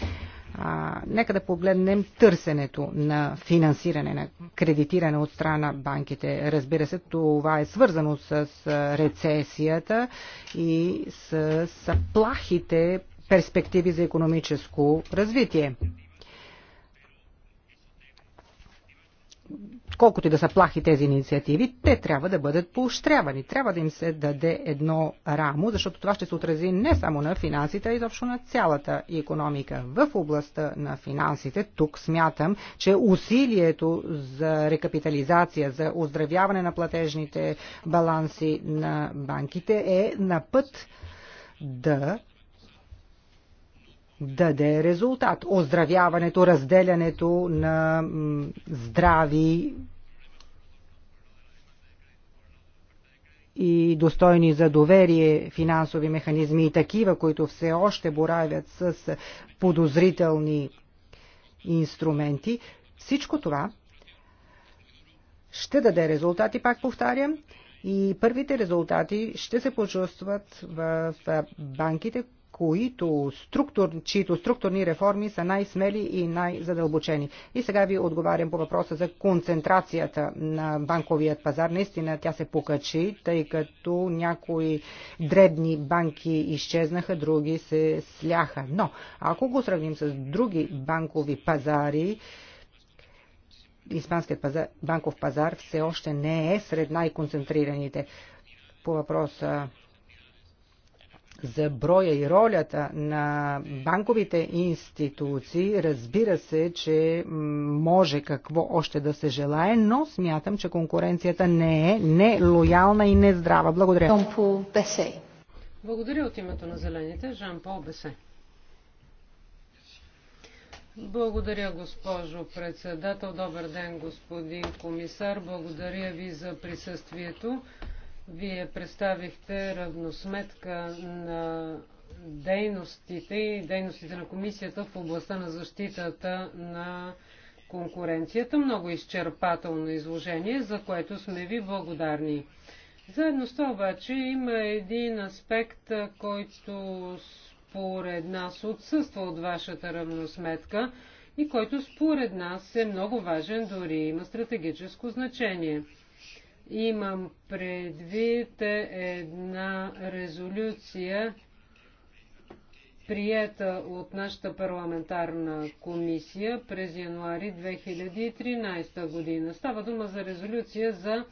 А, нека да погледнем търсенето на финансиране, на кредитиране от страна банките. Разбира се, това е свързано с рецесията и с плахите перспективи за економическо развитие. колкото и да са плахи тези инициативи, те трябва да бъдат поощрявани. Трябва да им се даде едно рамо, защото това ще се отрази не само на финансите, а изобщо на цялата економика. В областта на финансите тук смятам, че усилието за рекапитализация, за оздравяване на платежните баланси на банките е на път да даде резултат. Оздравяването, разделянето на здрави и достойни за доверие финансови механизми и такива, които все още боравят с подозрителни инструменти, всичко това ще даде резултати, пак повтарям, и първите резултати ще се почувстват в банките, които структур, чието структурни реформи са най-смели и най-задълбочени. И сега ви отговарям по въпроса за концентрацията на банковият пазар. Наистина тя се покачи, тъй като някои дребни банки изчезнаха, други се сляха. Но ако го сравним с други банкови пазари, Испанският пазар, банков пазар все още не е сред най-концентрираните. По въпроса за броя и ролята на банковите институции, разбира се, че може какво още да се желае, но смятам, че конкуренцията не е нелоялна и нездрава. Благодаря. Благодаря от името на зелените, Жан-Пол Бесе. Благодаря, госпожо председател. Добър ден, господин комисар. Благодаря ви за присъствието. Вие представихте равносметка на дейностите и дейностите на комисията в областта на защитата на конкуренцията. Много изчерпателно изложение, за което сме ви благодарни. Заедно с това обаче има един аспект, който според нас отсъства от вашата равносметка и който според нас е много важен, дори има стратегическо значение – Имам предвид една резолюция, прията от нашата парламентарна комисия през януари 2013 година. Става дума за резолюция за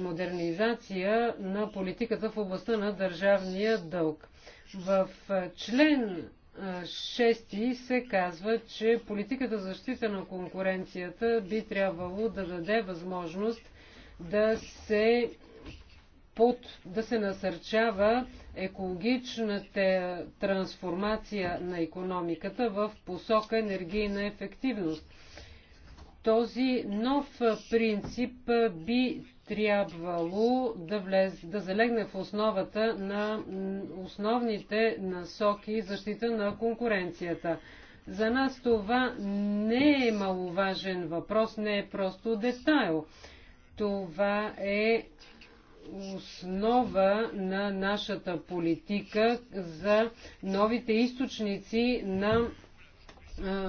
модернизация на политиката в областта на държавния дълг. В член 6 се казва, че политиката за защита на конкуренцията би трябвало да даде възможност да се под, да се насърчава екологичната трансформация на економиката в посока енергийна ефективност. Този нов принцип би трябвало да, влез, да залегне в основата на основните насоки защита на конкуренцията. За нас това не е маловажен въпрос, не е просто детайл. Това е основа на нашата политика за новите източници на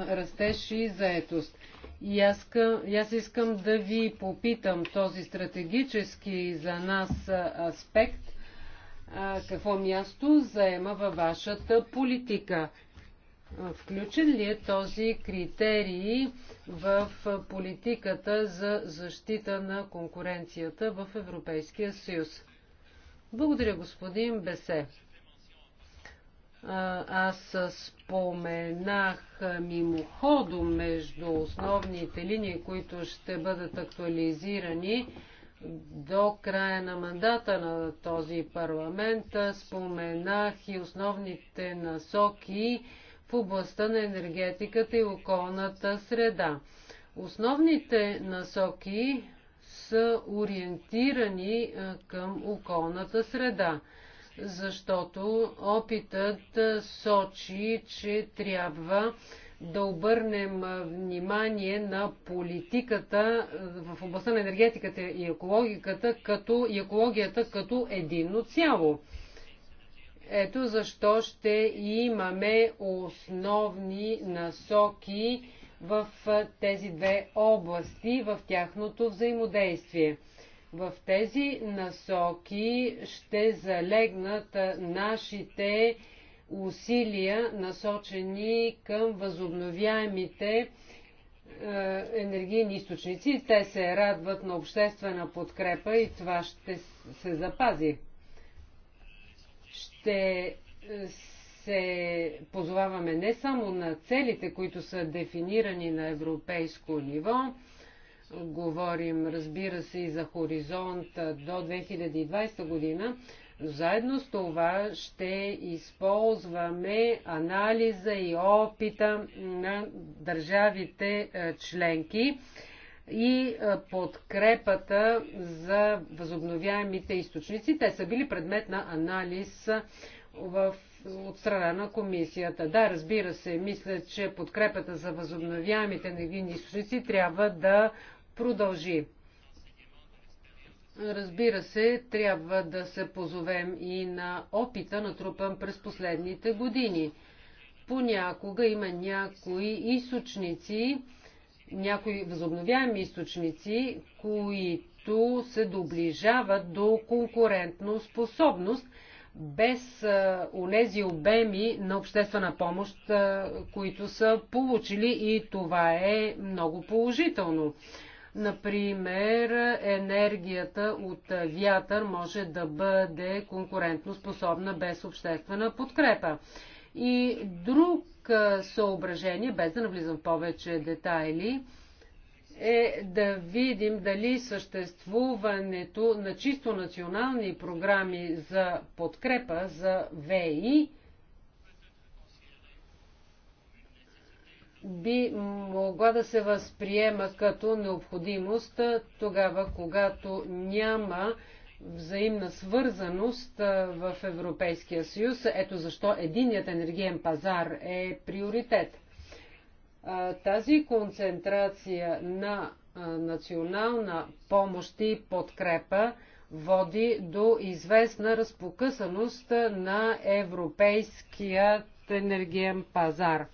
растеж и заетост. И аз, и аз искам да ви попитам този стратегически за нас аспект, какво място заема във вашата политика. Включен ли е този критерий в политиката за защита на конкуренцията в Европейския съюз? Благодаря, господин Бесе. Аз споменах мимоходо между основните линии, които ще бъдат актуализирани до края на мандата на този парламент. Споменах и основните насоки в областта на енергетиката и околната среда. Основните насоки са ориентирани към околната среда, защото опитът сочи, че трябва да обърнем внимание на политиката в областта на енергетиката и екологията като, и екологията като единно цяло. Ето защо ще имаме основни насоки в тези две области, в тяхното взаимодействие. В тези насоки ще залегнат нашите усилия, насочени към възобновяемите енергийни източници. Те се радват на обществена подкрепа и това ще се запази ще е, се позоваваме не само на целите, които са дефинирани на европейско ниво, говорим, разбира се, и за хоризонт до 2020 година, но заедно с това ще използваме анализа и опита на държавите е, членки и подкрепата за възобновяемите източници. Те са били предмет на анализ в, от страна на комисията. Да, разбира се, мисля, че подкрепата за възобновяемите енергийни източници трябва да продължи. Разбира се, трябва да се позовем и на опита, натрупан през последните години. Понякога има някои източници, някои възобновяеми източници, които се доближават до конкурентно способност, без онези обеми на обществена помощ, които са получили и това е много положително. Например, енергията от вятър може да бъде конкурентно способна без обществена подкрепа. И друг съображение, без да навлизам в повече детайли, е да видим дали съществуването на чисто национални програми за подкрепа за ВИ би могла да се възприема като необходимост тогава, когато няма взаимна свързаност в Европейския съюз. Ето защо единият енергиен пазар е приоритет. Тази концентрация на национална помощ и подкрепа води до известна разпокъсаност на европейският енергиен пазар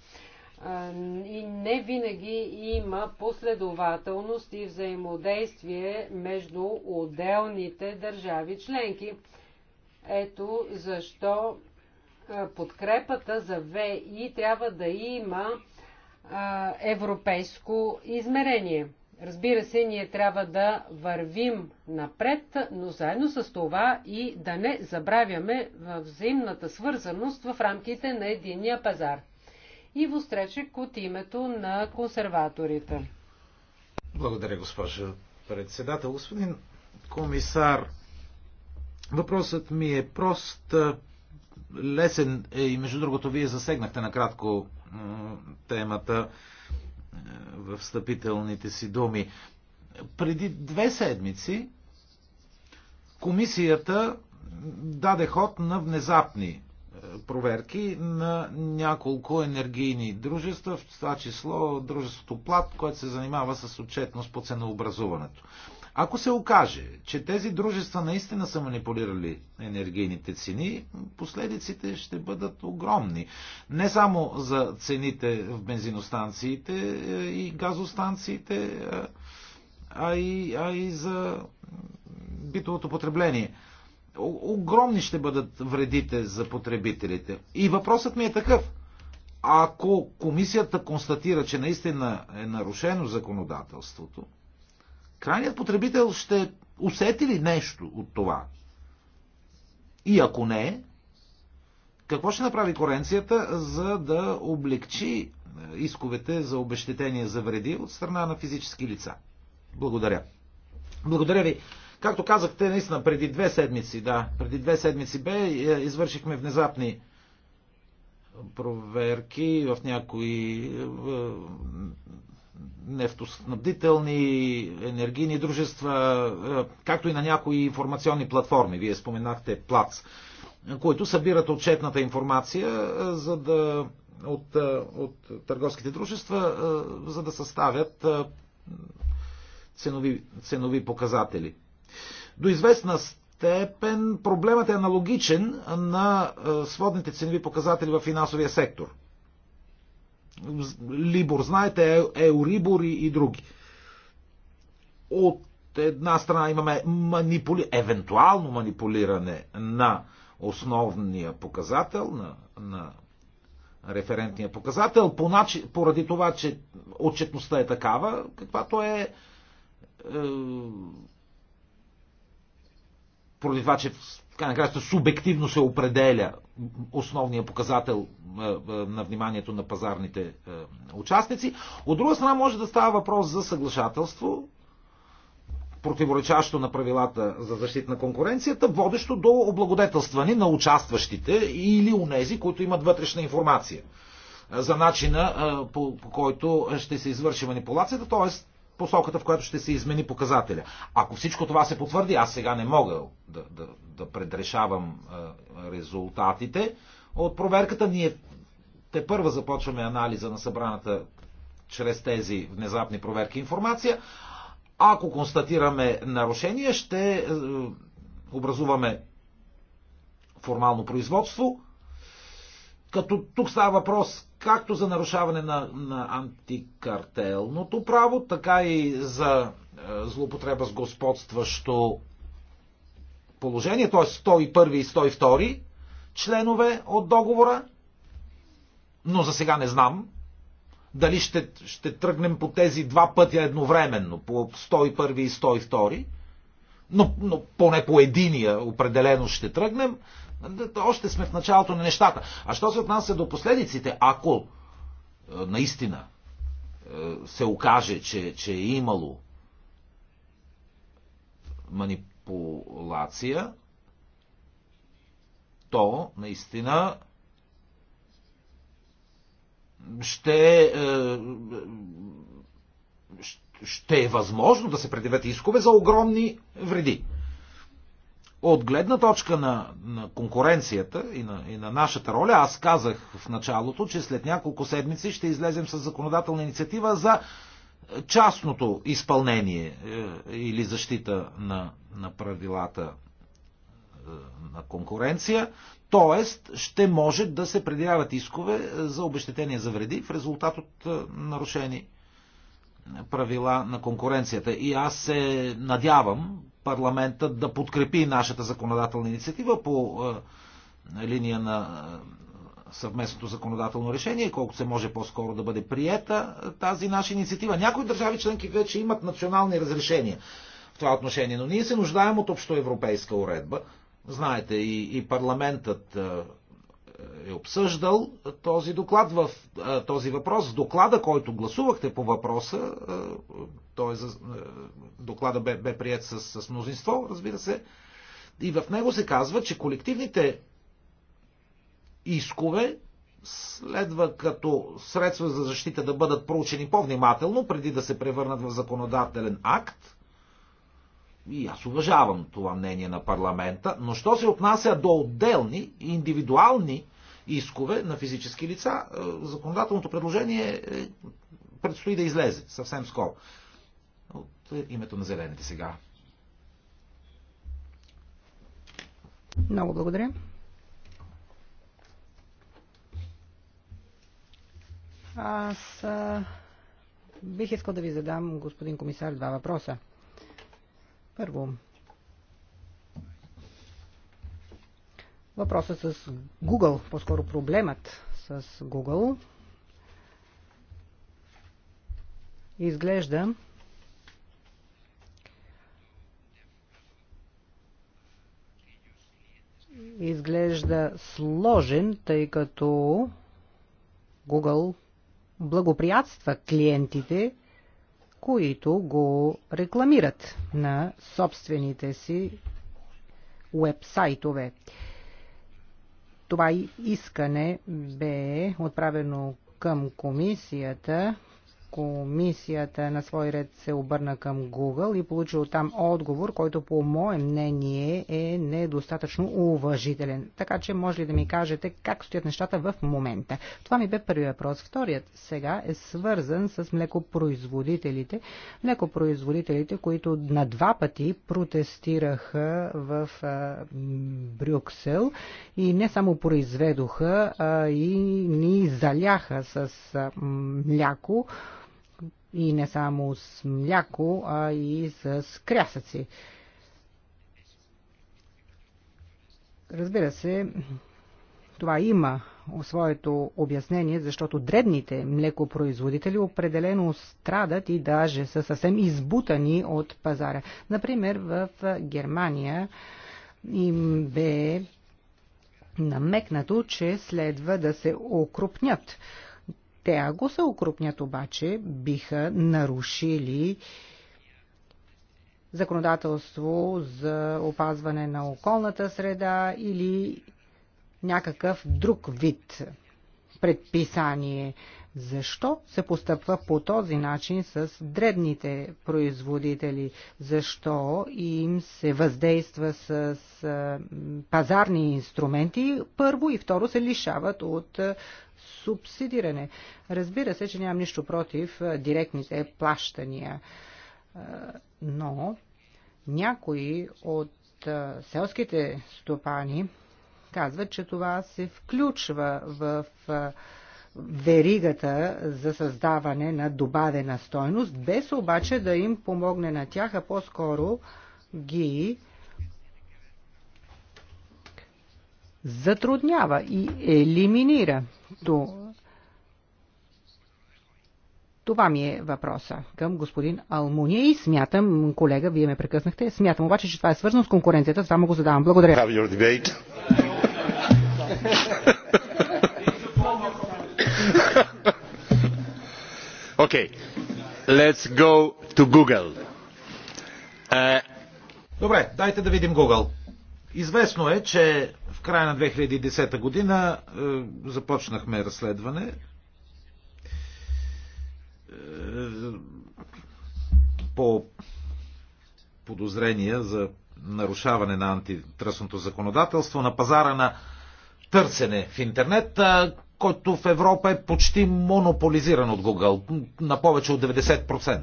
и не винаги има последователност и взаимодействие между отделните държави членки. Ето защо подкрепата за ВИ трябва да има европейско измерение. Разбира се, ние трябва да вървим напред, но заедно с това и да не забравяме взаимната свързаност в рамките на единия пазар. Иво Стречек от името на консерваторите. Благодаря, госпожо председател. Господин комисар, въпросът ми е прост, лесен е и между другото вие засегнахте накратко темата в встъпителните си думи. Преди две седмици комисията даде ход на внезапни проверки на няколко енергийни дружества, в това число дружеството Плат, което се занимава с отчетност по ценообразуването. Ако се окаже, че тези дружества наистина са манипулирали енергийните цени, последиците ще бъдат огромни. Не само за цените в бензиностанциите е, и газостанциите, е, а и, а и за битовото потребление огромни ще бъдат вредите за потребителите. И въпросът ми е такъв. Ако комисията констатира, че наистина е нарушено законодателството, крайният потребител ще усети ли нещо от това? И ако не, какво ще направи коренцията, за да облегчи е, исковете за обещетение за вреди от страна на физически лица? Благодаря. Благодаря ви. Както казахте, наистина, преди две седмици, да, преди две седмици бе, е, извършихме внезапни проверки в някои е, нефтоснабдителни, енергийни дружества, е, както и на някои информационни платформи. Вие споменахте Плац, които събират отчетната информация за да, от, от търговските дружества, за да съставят ценови, ценови показатели. До известна степен проблемът е аналогичен на е, сводните ценови показатели в финансовия сектор. Либор, знаете, е, Еурибор и, и други. От една страна имаме манипули... евентуално манипулиране на основния показател, на, на референтния показател, по начи... поради това, че отчетността е такава, каквато е, е поради това, че край субективно се определя основния показател е, е, на вниманието на пазарните е, участници. От друга страна може да става въпрос за съглашателство, противоречащо на правилата за защита на конкуренцията, водещо до облагодетелстване на участващите или у нези, които имат вътрешна информация за начина по, по който ще се извърши манипулацията, т.е посоката, в която ще се измени показателя. Ако всичко това се потвърди, аз сега не мога да, да, да предрешавам резултатите от проверката. Ние те първа започваме анализа на събраната чрез тези внезапни проверки информация. Ако констатираме нарушения, ще е, образуваме формално производство. Като тук става въпрос както за нарушаване на, на антикартелното право, така и за е, злоупотреба с господстващо положение, т.е. 101 и 102 членове от договора, но за сега не знам дали ще, ще тръгнем по тези два пътя едновременно, по 101 и 102, но, но поне по единия определено ще тръгнем. Още сме в началото на нещата. А що се отнася до последиците, ако е, наистина е, се окаже, че, че е имало манипулация, то наистина ще, е, ще е възможно да се предявят искове за огромни вреди. От гледна точка на, на конкуренцията и на, и на нашата роля, аз казах в началото, че след няколко седмици ще излезем с законодателна инициатива за частното изпълнение е, или защита на, на правилата е, на конкуренция, т.е. ще може да се предявят искове за обещетение за вреди в резултат от е, нарушени правила на конкуренцията. И аз се надявам парламентът да подкрепи нашата законодателна инициатива по е, линия на е, съвместното законодателно решение, колкото се може по-скоро да бъде приета е, тази наша инициатива. Някои държави членки вече имат национални разрешения в това отношение, но ние се нуждаем от общоевропейска уредба. Знаете, и, и парламентът е обсъждал този доклад в този въпрос. В доклада, който гласувахте по въпроса, той е е, доклада бе, бе прият с, с мнозинство, разбира се. И в него се казва, че колективните искове следва като средства за защита да бъдат проучени по-внимателно, преди да се превърнат в законодателен акт. И аз уважавам това мнение на парламента, но що се отнася до отделни и индивидуални искове на физически лица, е, законодателното предложение предстои да излезе съвсем скоро е името на зелените сега. Много благодаря. Аз а, бих искал да ви задам, господин комисар, два въпроса. Първо, въпроса с Google, по-скоро проблемът с Google. Изглежда, изглежда сложен, тъй като Google благоприятства клиентите, които го рекламират на собствените си уебсайтове. Това искане бе отправено към комисията комисията на свой ред се обърна към Google и получи оттам отговор, който по мое мнение е недостатъчно уважителен. Така че може ли да ми кажете как стоят нещата в момента? Това ми бе първият въпрос. Вторият сега е свързан с млекопроизводителите. Млекопроизводителите, които на два пъти протестираха в Брюксел и не само произведоха, а и ни заляха с мляко, и не само с мляко, а и с крясъци. Разбира се, това има своето обяснение, защото дредните млекопроизводители определено страдат и даже са съвсем избутани от пазара. Например, в Германия им бе намекнато, че следва да се окрупнят те, ако се окрупнят обаче, биха нарушили законодателство за опазване на околната среда или някакъв друг вид предписание. Защо се постъпва по този начин с дребните производители? Защо им се въздейства с пазарни инструменти? Първо и второ се лишават от субсидиране. Разбира се, че нямам нищо против директните плащания, но някои от селските стопани казват, че това се включва в веригата за създаване на добавена стойност, без обаче да им помогне на тях, а по-скоро ги затруднява и елиминира. Това ми е въпроса към господин Алмуния и смятам, колега, вие ме прекъснахте, смятам обаче, че това е свързано с конкуренцията, това му го задавам. Благодаря. [LAUGHS] okay. Let's go to Google. Uh... Добре, дайте да видим Google. Известно е, че края на 2010 година е, започнахме разследване. Е, по подозрения за нарушаване на антитръсното законодателство на пазара на търсене в интернет, е, който в Европа е почти монополизиран от Google на повече от 90%.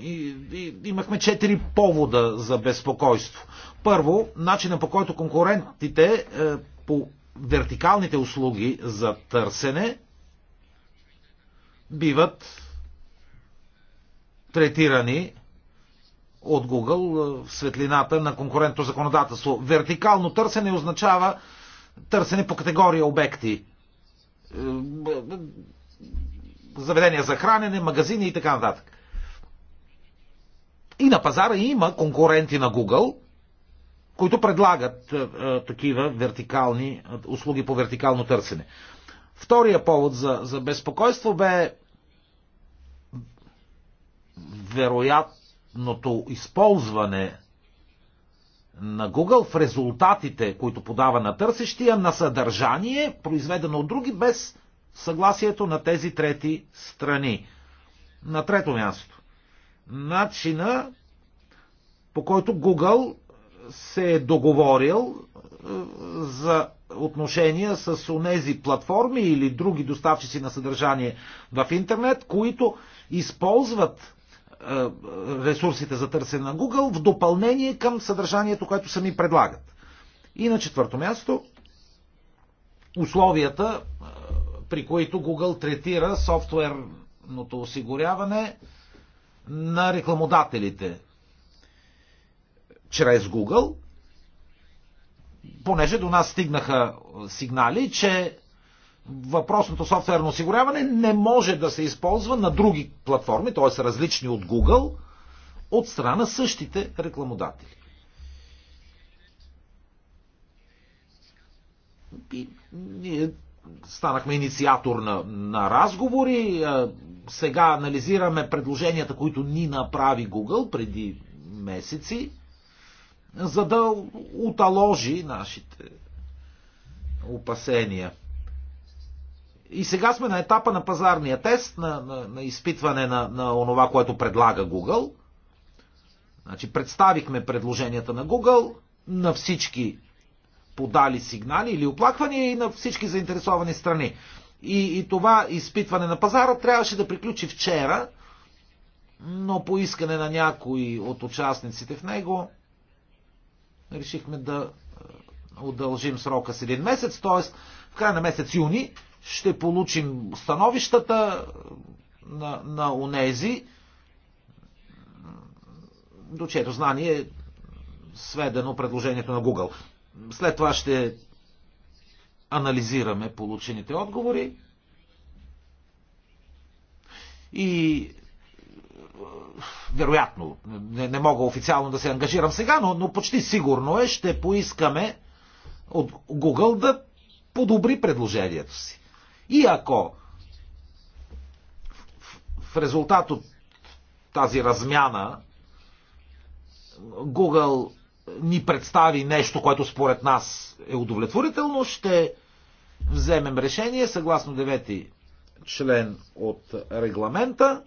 И, и, имахме четири повода за безпокойство. Първо, начина по който конкурентите е, по вертикалните услуги за търсене биват третирани от Google е, в светлината на конкурентно законодателство. Вертикално търсене означава търсене по категория обекти. Е, е, заведения за хранене, магазини и така нататък. И на пазара има конкуренти на Google, които предлагат е, е такива вертикални е, услуги по вертикално търсене. Втория повод за, за безпокойство бе вероятното използване на Google в резултатите, които подава на търсещия, на съдържание, произведено от други, без съгласието на тези трети страни. На трето място начина по който Google се е договорил е, за отношения с онези платформи или други доставчици на съдържание в интернет, които използват е, ресурсите за търсене на Google в допълнение към съдържанието, което сами предлагат. И на четвърто място, условията, е, при които Google третира софтуерното осигуряване на рекламодателите чрез Google, понеже до нас стигнаха сигнали, че въпросното софтуерно осигуряване не може да се използва на други платформи, т.е. различни от Google, от страна същите рекламодатели. И ние станахме инициатор на, на разговори, сега анализираме предложенията, които ни направи Google преди месеци, за да оталожи нашите опасения. И сега сме на етапа на пазарния тест, на, на, на изпитване на, на онова, което предлага Google. Значи представихме предложенията на Google на всички подали сигнали или оплаквания и на всички заинтересовани страни. И, и това изпитване на пазара трябваше да приключи вчера, но по искане на някои от участниците в него решихме да е, удължим срока с един месец, т.е. в края на месец юни ще получим становищата е, на, на унези, до чието знание е сведено предложението на Google. След това ще анализираме получените отговори и е, вероятно, не, не мога официално да се ангажирам сега, но, но почти сигурно е, ще поискаме от Google да подобри предложението си. И ако в резултат от тази размяна Google ни представи нещо, което според нас е удовлетворително, ще вземем решение съгласно девети член от регламента,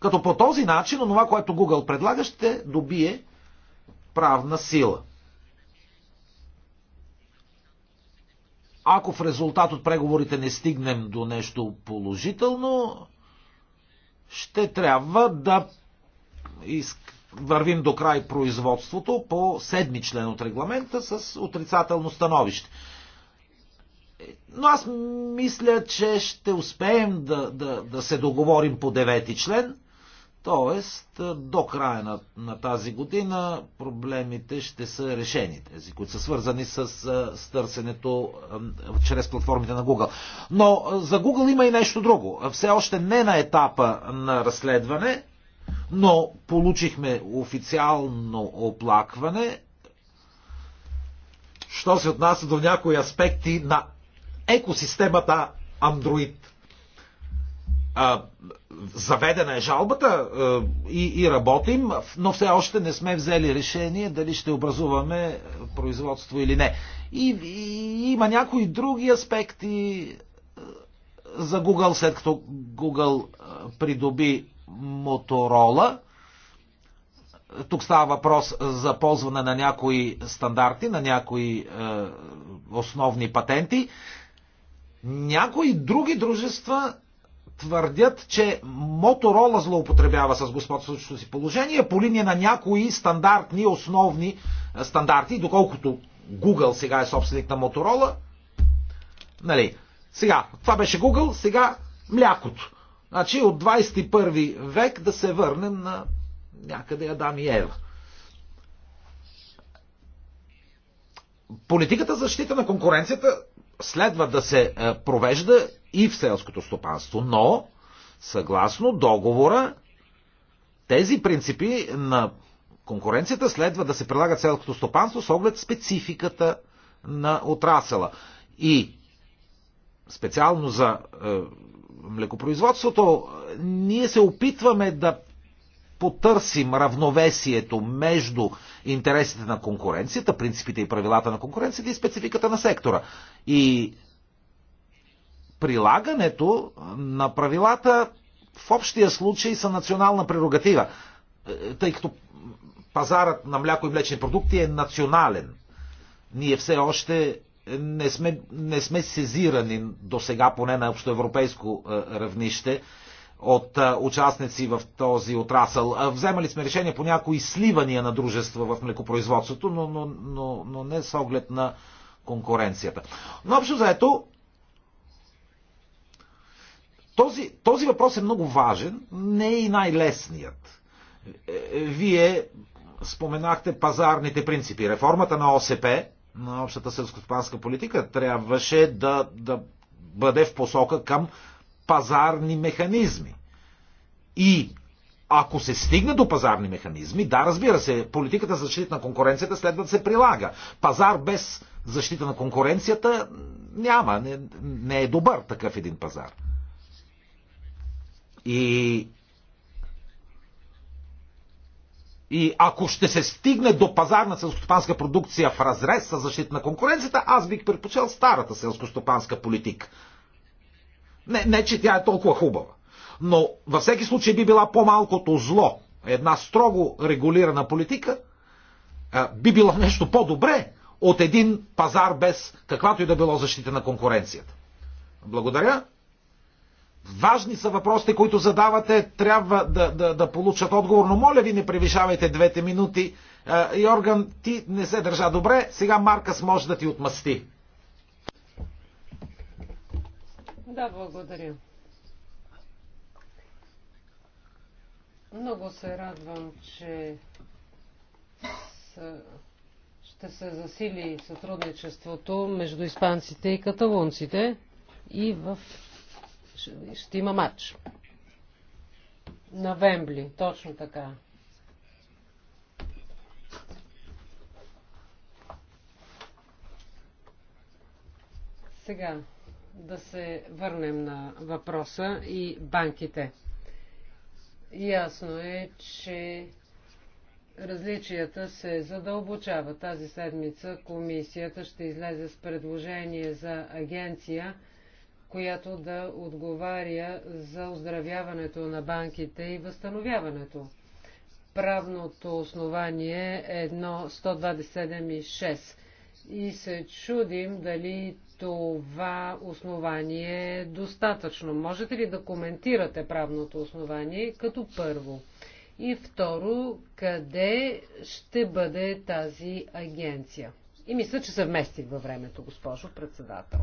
като по този начин онова, което Google предлага, ще добие правна сила. Ако в резултат от преговорите не стигнем до нещо положително, ще трябва да искаме вървим до край производството по седми член от регламента с отрицателно становище. Но аз мисля, че ще успеем да, да, да се договорим по девети член, т.е. до края на, на тази година проблемите ще са решени, тези, които са свързани с, с търсенето чрез платформите на Google. Но за Google има и нещо друго. Все още не на етапа на разследване, но получихме официално оплакване, що се отнася до някои аспекти на екосистемата Android. А, заведена е жалбата а, и, и работим, но все още не сме взели решение дали ще образуваме производство или не. И, и има някои други аспекти за Google, след като Google придоби Моторола. Тук става въпрос за ползване на някои стандарти, на някои е, основни патенти. Някои други дружества твърдят, че Моторола злоупотребява с господството си положение по линия на някои стандартни, основни е, стандарти, доколкото Google сега е собственик на Моторола. Нали? Сега, това беше Google, сега млякото. Значи от 21 век да се върнем на някъде Адам и Ева. Политиката за защита на конкуренцията следва да се е, провежда и в селското стопанство, но съгласно договора тези принципи на конкуренцията следва да се прилагат селското стопанство с оглед спецификата на отрасъла. И специално за е, млекопроизводството, ние се опитваме да потърсим равновесието между интересите на конкуренцията, принципите и правилата на конкуренцията и спецификата на сектора. И прилагането на правилата в общия случай са национална прерогатива, тъй като пазарът на мляко и млечни продукти е национален. Ние все още не сме, не сме сезирани до сега, поне на общоевропейско е, равнище, от е, участници в този отрасъл. Е, вземали сме решение по някои сливания на дружества в млекопроизводството, но, но, но, но не с оглед на конкуренцията. Но общо заето, този, този въпрос е много важен, не е и най-лесният. Вие споменахте пазарните принципи. Реформата на ОСП на общата селскостопанска политика трябваше да, да бъде в посока към пазарни механизми. И ако се стигне до пазарни механизми, да, разбира се, политиката за защита на конкуренцията следва да се прилага. Пазар без защита на конкуренцията няма, не, не е добър такъв един пазар. И И ако ще се стигне до пазарна селскостопанска продукция в разрез с защита на конкуренцията, аз бих предпочел старата селскостопанска политика. Не, не, че тя е толкова хубава. Но във всеки случай би била по-малкото зло. Една строго регулирана политика а, би било нещо по-добре от един пазар без каквато и да било защита на конкуренцията. Благодаря. Важни са въпросите, които задавате, трябва да, да, да получат отговор, но моля ви не превишавайте двете минути. Йорган, ти не се държа добре, сега Маркас може да ти отмъсти. Да, благодаря. Много се радвам, че ще се засили сътрудничеството между испанците и каталунците и в ще има матч. На Вембли, точно така. Сега да се върнем на въпроса и банките. Ясно е, че различията се задълбочава. Тази седмица комисията ще излезе с предложение за агенция, която да отговаря за оздравяването на банките и възстановяването. Правното основание е 1.127.6 и се чудим дали това основание е достатъчно. Можете ли да коментирате правното основание като първо? И второ, къде ще бъде тази агенция? И мисля, че съвместих вместих във времето, госпожо председател.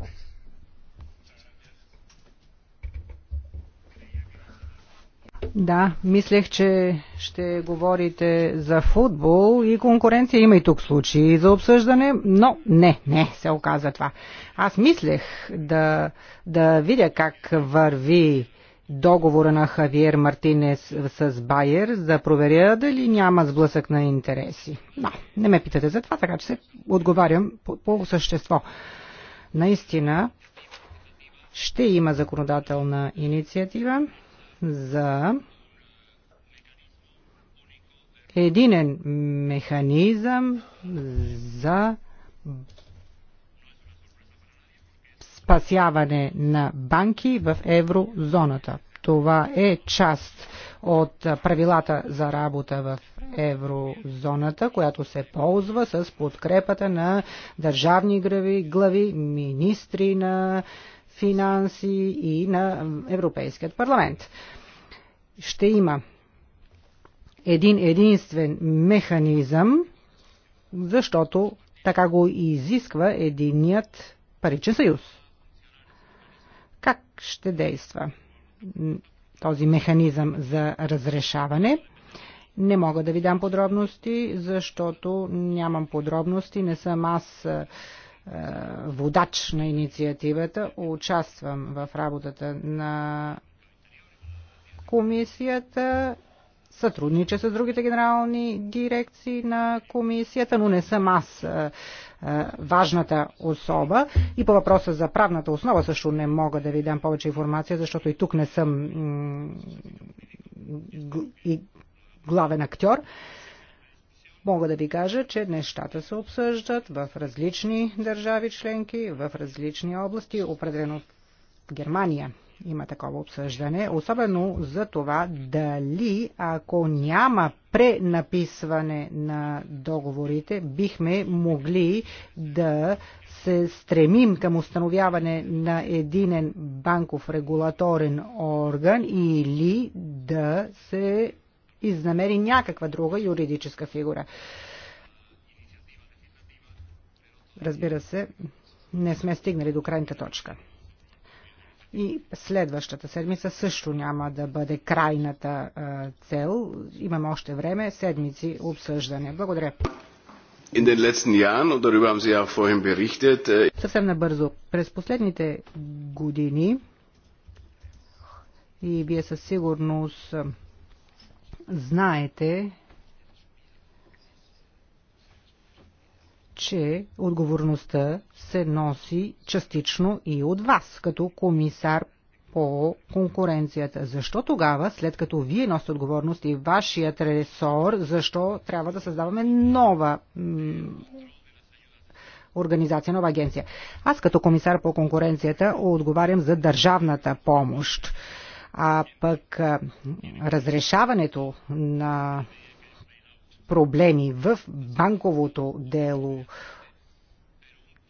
Да, мислех, че ще говорите за футбол и конкуренция. Има и тук случаи за обсъждане, но не, не се оказа това. Аз мислех да, да видя как върви договора на Хавиер Мартинес с Байер, да проверя дали няма сблъсък на интереси. Но, не ме питате за това, така че се отговарям по, по същество. Наистина, ще има законодателна инициатива за единен механизъм за спасяване на банки в еврозоната. Това е част от правилата за работа в еврозоната, която се ползва с подкрепата на държавни глави, министри на финанси и на Европейският парламент. Ще има един единствен механизъм, защото така го изисква единият паричен съюз. Как ще действа този механизъм за разрешаване? Не мога да ви дам подробности, защото нямам подробности, не съм аз е, водач на инициативата. Участвам в работата на комисията, сътруднича с другите генерални дирекции на комисията, но не съм аз е, е, важната особа. И по въпроса за правната основа също не мога да ви дам повече информация, защото и тук не съм и главен актьор. Мога да ви кажа, че нещата се обсъждат в различни държави членки, в различни области, определено в Германия има такова обсъждане, особено за това дали ако няма пренаписване на договорите, бихме могли да се стремим към установяване на единен банков регулаторен орган или да се изнамери някаква друга юридическа фигура. Разбира се, не сме стигнали до крайната точка. И следващата седмица също няма да бъде крайната а, цел. Имаме още време, седмици обсъждане. Благодаря. In den letzten Jahren, und darüber haben Sie ja vorhin berichtet, äh, Съвсем набързо. През последните години и вие със сигурност знаете, че отговорността се носи частично и от вас, като комисар по конкуренцията. Защо тогава, след като вие носите отговорност и вашият ресор, защо трябва да създаваме нова организация, нова агенция? Аз като комисар по конкуренцията отговарям за държавната помощ. А пък разрешаването на проблеми в банковото дело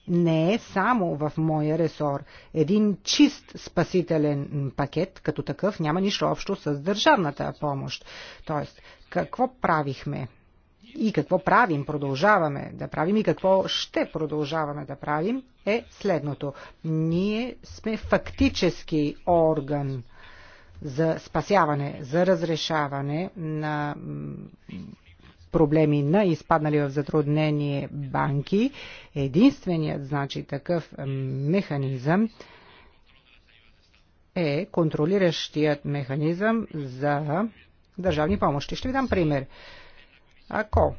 не е само в моя ресор. Един чист спасителен пакет като такъв няма нищо общо с държавната помощ. Тоест, какво правихме? И какво правим, продължаваме да правим и какво ще продължаваме да правим е следното. Ние сме фактически орган за спасяване, за разрешаване на проблеми на изпаднали в затруднение банки. Единственият, значи, такъв механизъм е контролиращият механизъм за държавни помощи. Ще ви дам пример. Ако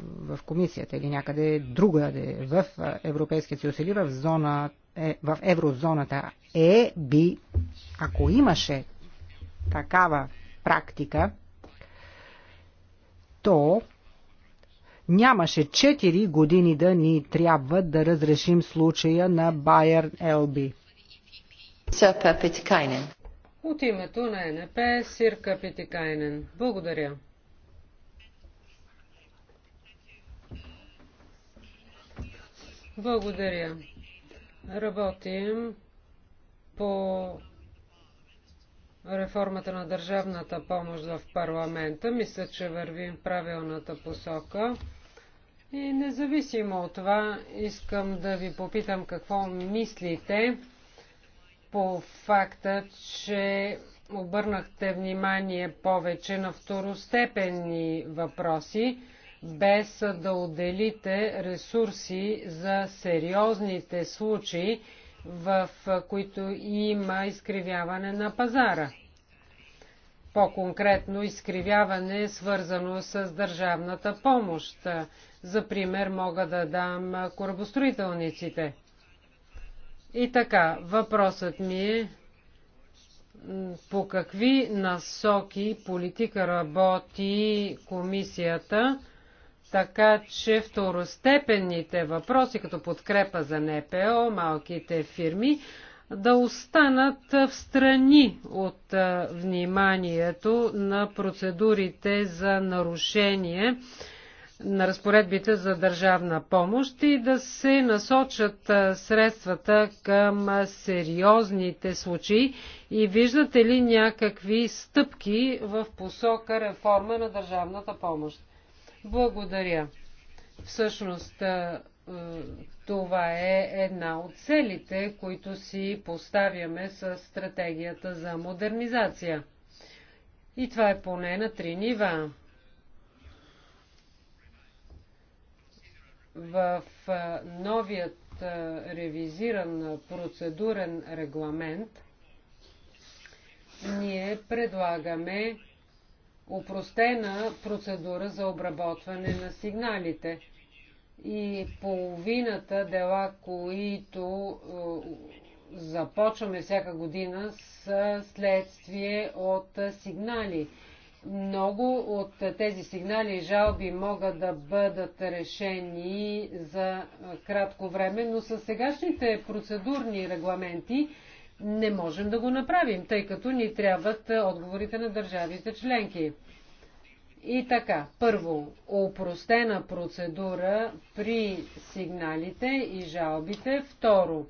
в комисията или някъде другаде в Европейския съюз или в зоната е, в еврозоната е, би, ако имаше такава практика, то нямаше 4 години да ни трябва да разрешим случая на Байер Елби. От името на НП Сирка Питикайнен. Благодаря. Благодаря. Работим по реформата на държавната помощ в парламента. Мисля, че вървим в правилната посока. И независимо от това, искам да ви попитам какво мислите по факта, че обърнахте внимание повече на второстепенни въпроси без да отделите ресурси за сериозните случаи, в които има изкривяване на пазара. По-конкретно изкривяване е свързано с държавната помощ. За пример мога да дам корабостроителниците. И така, въпросът ми е по какви насоки политика работи комисията така че второстепенните въпроси, като подкрепа за НПО, малките фирми, да останат в страни от вниманието на процедурите за нарушение на разпоредбите за държавна помощ и да се насочат средствата към сериозните случаи и виждате ли някакви стъпки в посока реформа на държавната помощ? Благодаря. Всъщност, това е една от целите, които си поставяме с стратегията за модернизация. И това е поне на три нива. В новият ревизиран процедурен регламент ние предлагаме упростена процедура за обработване на сигналите. И половината дела, които е, започваме всяка година, са следствие от сигнали. Много от тези сигнали и жалби могат да бъдат решени за кратко време, но с сегашните процедурни регламенти не можем да го направим, тъй като ни трябват отговорите на държавите членки. И така, първо, опростена процедура при сигналите и жалбите. Второ,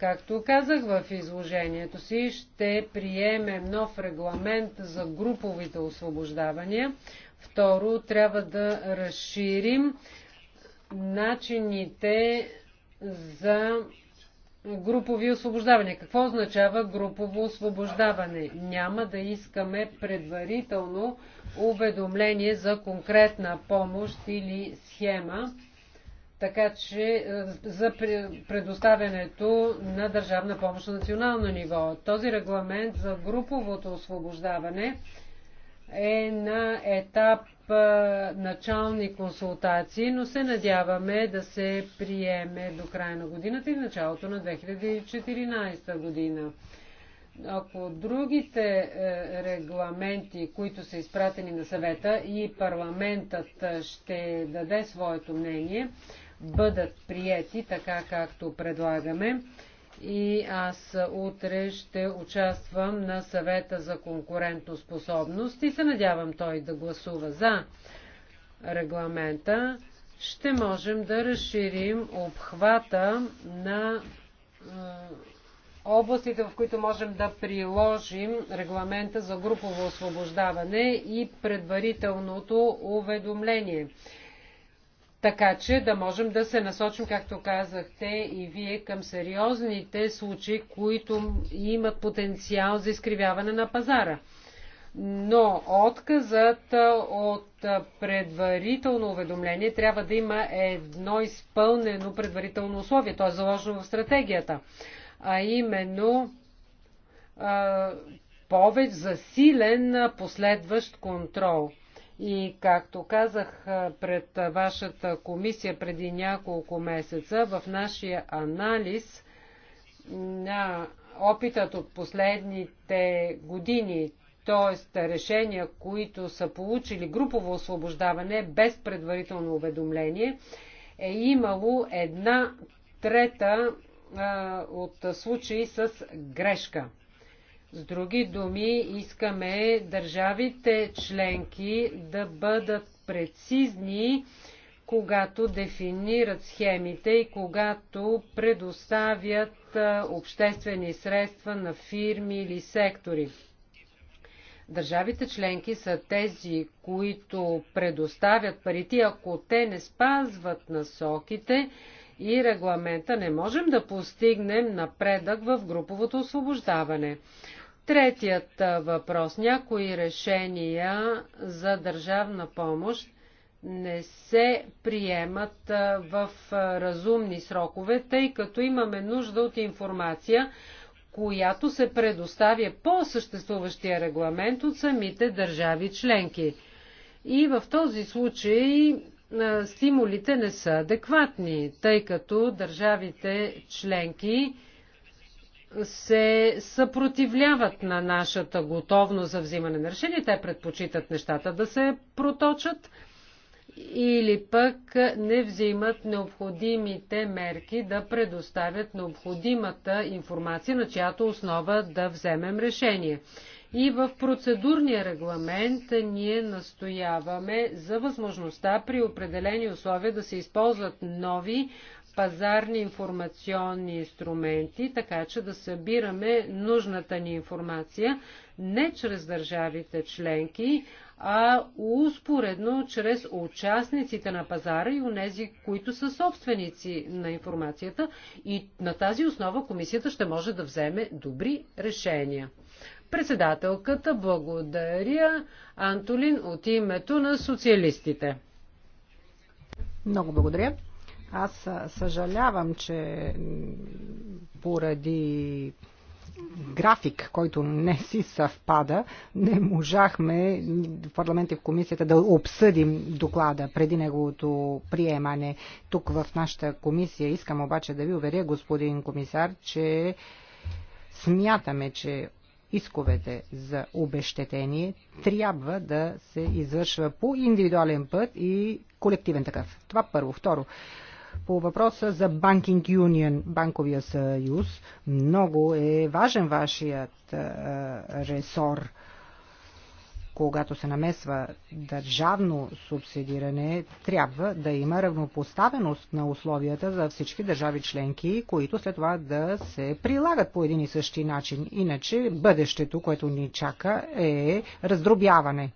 както казах в изложението си, ще приемем нов регламент за груповите освобождавания. Второ, трябва да разширим начините за групови освобождавания. Какво означава групово освобождаване? Няма да искаме предварително уведомление за конкретна помощ или схема, така че е, за предоставянето на държавна помощ на национално ниво. Този регламент за груповото освобождаване е на етап начални консултации, но се надяваме да се приеме до края на годината и началото на 2014 година. Ако другите е, регламенти, които са изпратени на съвета и парламентът е, ще даде своето мнение, бъдат приети така както предлагаме, и аз утре ще участвам на съвета за конкурентоспособност и се надявам той да гласува за регламента. Ще можем да разширим обхвата на областите, в които можем да приложим регламента за групово освобождаване и предварителното уведомление така че да можем да се насочим, както казахте и вие, към сериозните случаи, които имат потенциал за изкривяване на пазара. Но отказът от предварително уведомление трябва да има едно изпълнено предварително условие, то е заложено в стратегията, а именно повече засилен последващ контрол – и както казах пред вашата комисия преди няколко месеца, в нашия анализ на опитът от последните години, т.е. решения, които са получили групово освобождаване без предварително уведомление, е имало една трета а, от случаи с грешка. С други думи, искаме държавите членки да бъдат прецизни, когато дефинират схемите и когато предоставят обществени средства на фирми или сектори. Държавите членки са тези, които предоставят парите, ако те не спазват насоките и регламента, не можем да постигнем напредък в груповото освобождаване. Третият въпрос. Някои решения за държавна помощ не се приемат в разумни срокове, тъй като имаме нужда от информация, която се предоставя по съществуващия регламент от самите държави членки. И в този случай стимулите не са адекватни, тъй като държавите членки се съпротивляват на нашата готовност за взимане на решение. Те предпочитат нещата да се проточат или пък не взимат необходимите мерки да предоставят необходимата информация, на чиято основа да вземем решение. И в процедурния регламент ние настояваме за възможността при определени условия да се използват нови пазарни информационни инструменти, така че да събираме нужната ни информация не чрез държавите членки, а успоредно чрез участниците на пазара и унези, които са собственици на информацията. И на тази основа комисията ще може да вземе добри решения. Председателката благодаря Антолин от името на социалистите. Много благодаря. Аз съжалявам, че поради график, който не си съвпада, не можахме в парламента и в комисията да обсъдим доклада преди неговото приемане. Тук в нашата комисия искам обаче да ви уверя, господин комисар, че смятаме, че исковете за обещетение трябва да се извършва по индивидуален път и колективен такъв. Това първо. Второ, по въпроса за Банкинг Юнион, банковия съюз, много е важен вашият ресор. Когато се намесва държавно субсидиране, трябва да има равнопоставеност на условията за всички държави членки, които след това да се прилагат по един и същи начин. Иначе бъдещето, което ни чака, е раздробяване.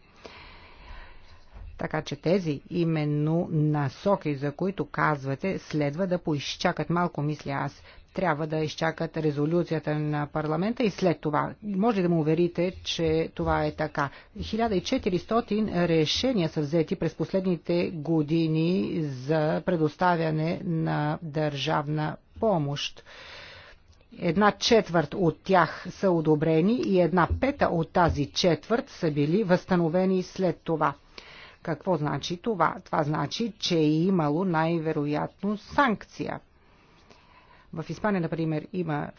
Така че тези именно насоки, за които казвате, следва да поизчакат малко, мисля аз. Трябва да изчакат резолюцията на парламента и след това. Може да му уверите, че това е така. 1400 решения са взети през последните години за предоставяне на държавна помощ. Една четвърт от тях са одобрени и една пета от тази четвърт са били възстановени след това. Какво значи това? Това значи, че е имало най-вероятно санкция. В Испания, например, има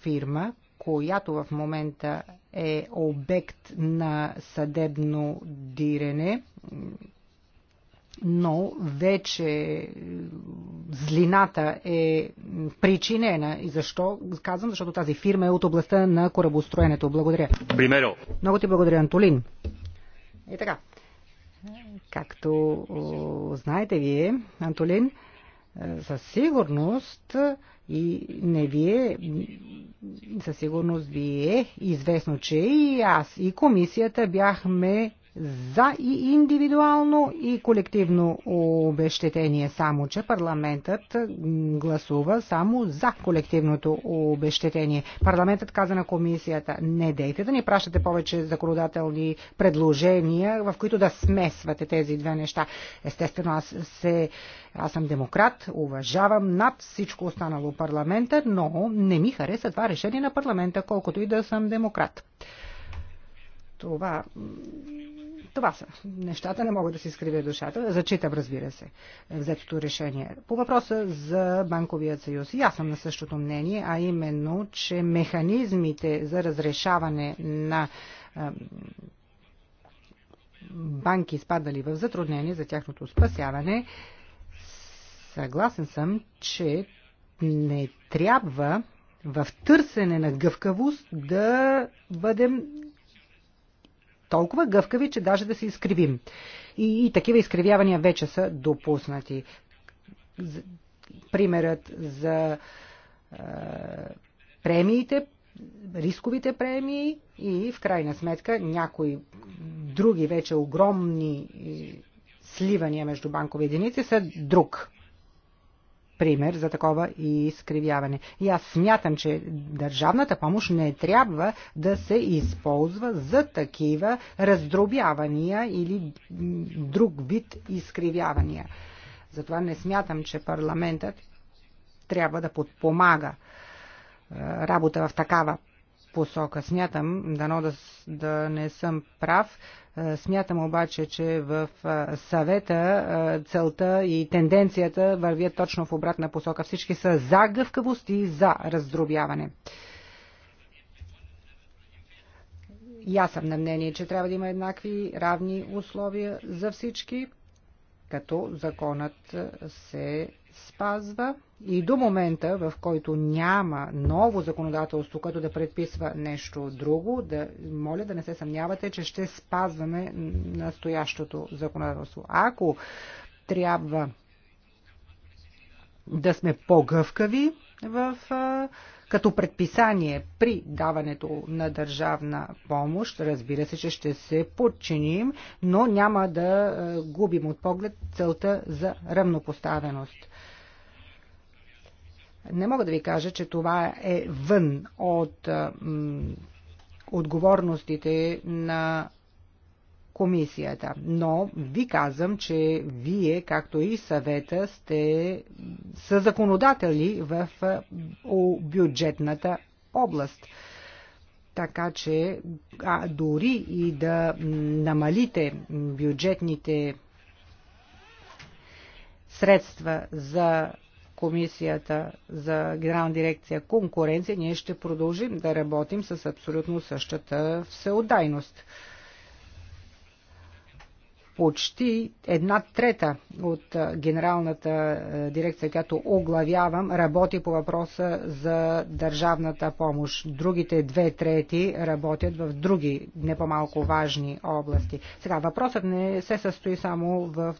фирма, която в момента е обект на съдебно дирене, но вече злината е причинена. И защо? Казвам, защото тази фирма е от областта на корабостроенето. Благодаря. Примеро. Много ти благодаря, Антолин. И е така. Както знаете вие, Антолин, е, със сигурност и не вие, със сигурност вие, известно, че и аз, и комисията бяхме за и индивидуално и колективно обещетение, само че парламентът гласува само за колективното обещетение. Парламентът каза на комисията, не дейте да ни пращате повече законодателни предложения, в които да смесвате тези две неща. Естествено, аз, се, аз съм демократ, уважавам над всичко останало парламента, но не ми хареса това решение на парламента, колкото и да съм демократ. Това, това са. Нещата не могат да се изкривят душата. Зачитам, разбира се, взетото решение. По въпроса за Банковият съюз. И аз съм на същото мнение, а именно, че механизмите за разрешаване на банки, изпадали в затруднение за тяхното спасяване, съгласен съм, че не трябва в търсене на гъвкавост да бъдем толкова гъвкави, че даже да се изкривим. И, и такива изкривявания вече са допуснати. Примерът за е, премиите, рисковите премии и в крайна сметка някои други вече огромни е, сливания между банкови единици са друг пример за такова и изкривяване. И аз смятам, че държавната помощ не трябва да се използва за такива раздробявания или друг вид изкривявания. Затова не смятам, че парламентът трябва да подпомага работа в такава посока. Смятам, дано да, да не съм прав, е, смятам обаче, че в е, съвета е, целта и тенденцията вървят точно в обратна посока. Всички са за гъвкавост и за раздробяване. И аз съм на мнение, че трябва да има еднакви равни условия за всички, като законът се спазва. И до момента, в който няма ново законодателство, което да предписва нещо друго, да, моля да не се съмнявате, че ще спазваме настоящото законодателство. Ако трябва да сме по-гъвкави в, като предписание при даването на държавна помощ. Разбира се, че ще се подчиним, но няма да губим от поглед целта за равнопоставеност. Не мога да ви кажа, че това е вън от отговорностите на комисията. Но ви казвам, че вие, както и съвета, сте са законодатели в бюджетната област. Така че а, дори и да намалите бюджетните средства за Комисията за Генерална дирекция конкуренция, ние ще продължим да работим с абсолютно същата всеотдайност почти една трета от генералната дирекция, която оглавявам, работи по въпроса за държавната помощ. Другите две трети работят в други не по-малко важни области. Сега, въпросът не се състои само в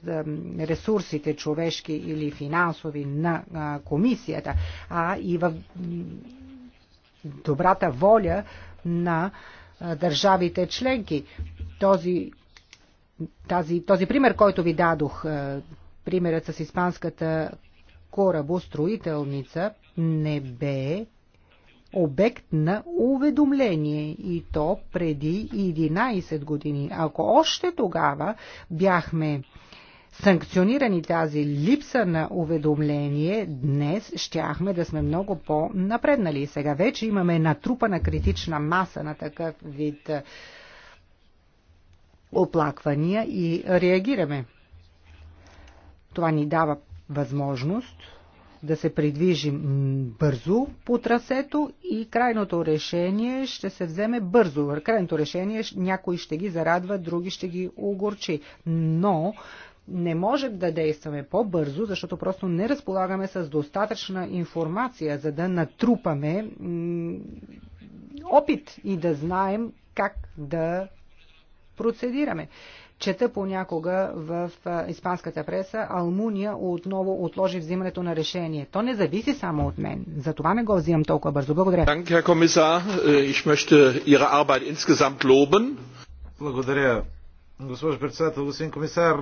ресурсите човешки или финансови на комисията, а и в добрата воля на държавите членки. Този тази, този пример, който ви дадох, е, примерът с испанската корабостроителница, не бе обект на уведомление и то преди 11 години. Ако още тогава бяхме санкционирани тази липса на уведомление, днес щяхме да сме много по-напреднали. Сега вече имаме натрупана критична маса на такъв вид е, оплаквания и реагираме. Това ни дава възможност да се придвижим бързо по трасето и крайното решение ще се вземе бързо. Крайното решение някои ще ги зарадва, други ще ги огорчи. Но не можем да действаме по-бързо, защото просто не разполагаме с достатъчна информация, за да натрупаме опит и да знаем как да процедираме. Чета понякога в испанската преса, Алмуния отново отложи взимането на решение. То не зависи само от мен. За това не го взимам толкова бързо. Благодаря. Äh, Благодаря. Госпожо председател, господин комисар,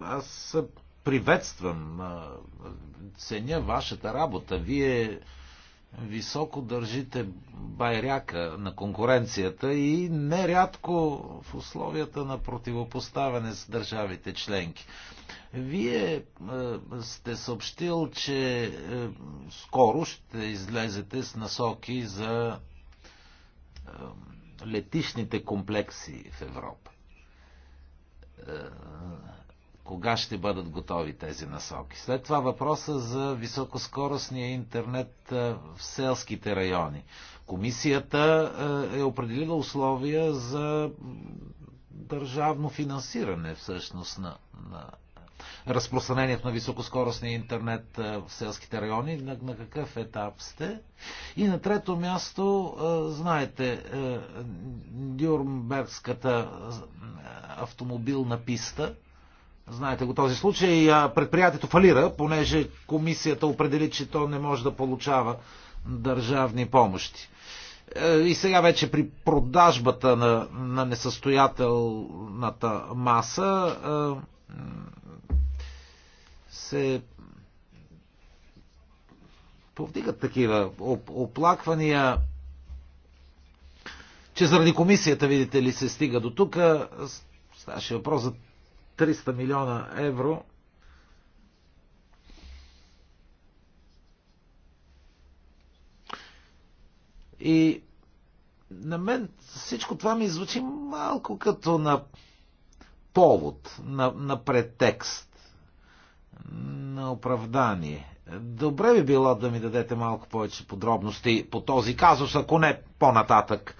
аз приветствам, ценя вашата работа. Вие високо държите байряка на конкуренцията и нерядко в условията на противопоставяне с държавите членки. Вие е, сте съобщил, че е, скоро ще излезете с насоки за е, летишните комплекси в Европа. Е, кога ще бъдат готови тези насоки? След това въпроса за високоскоростния интернет е, в селските райони. Комисията е, е определила условия за държавно финансиране всъщност на, на разпространението на високоскоростния интернет е, в селските райони, на, на какъв етап сте. И на трето място, знаете, Дюрнбергската автомобилна писта, Знаете го този случай. Предприятието фалира, понеже комисията определи, че то не може да получава държавни помощи. Е, и сега вече при продажбата на, на несъстоятелната маса е, се повдигат такива оплаквания, че заради комисията, видите ли, се стига до тук. Е, ставаше въпрос за 300 милиона евро И на мен всичко това ми звучи малко като на повод, на, на претекст, на оправдание. Добре би било да ми дадете малко повече подробности по този казус, ако не по-нататък.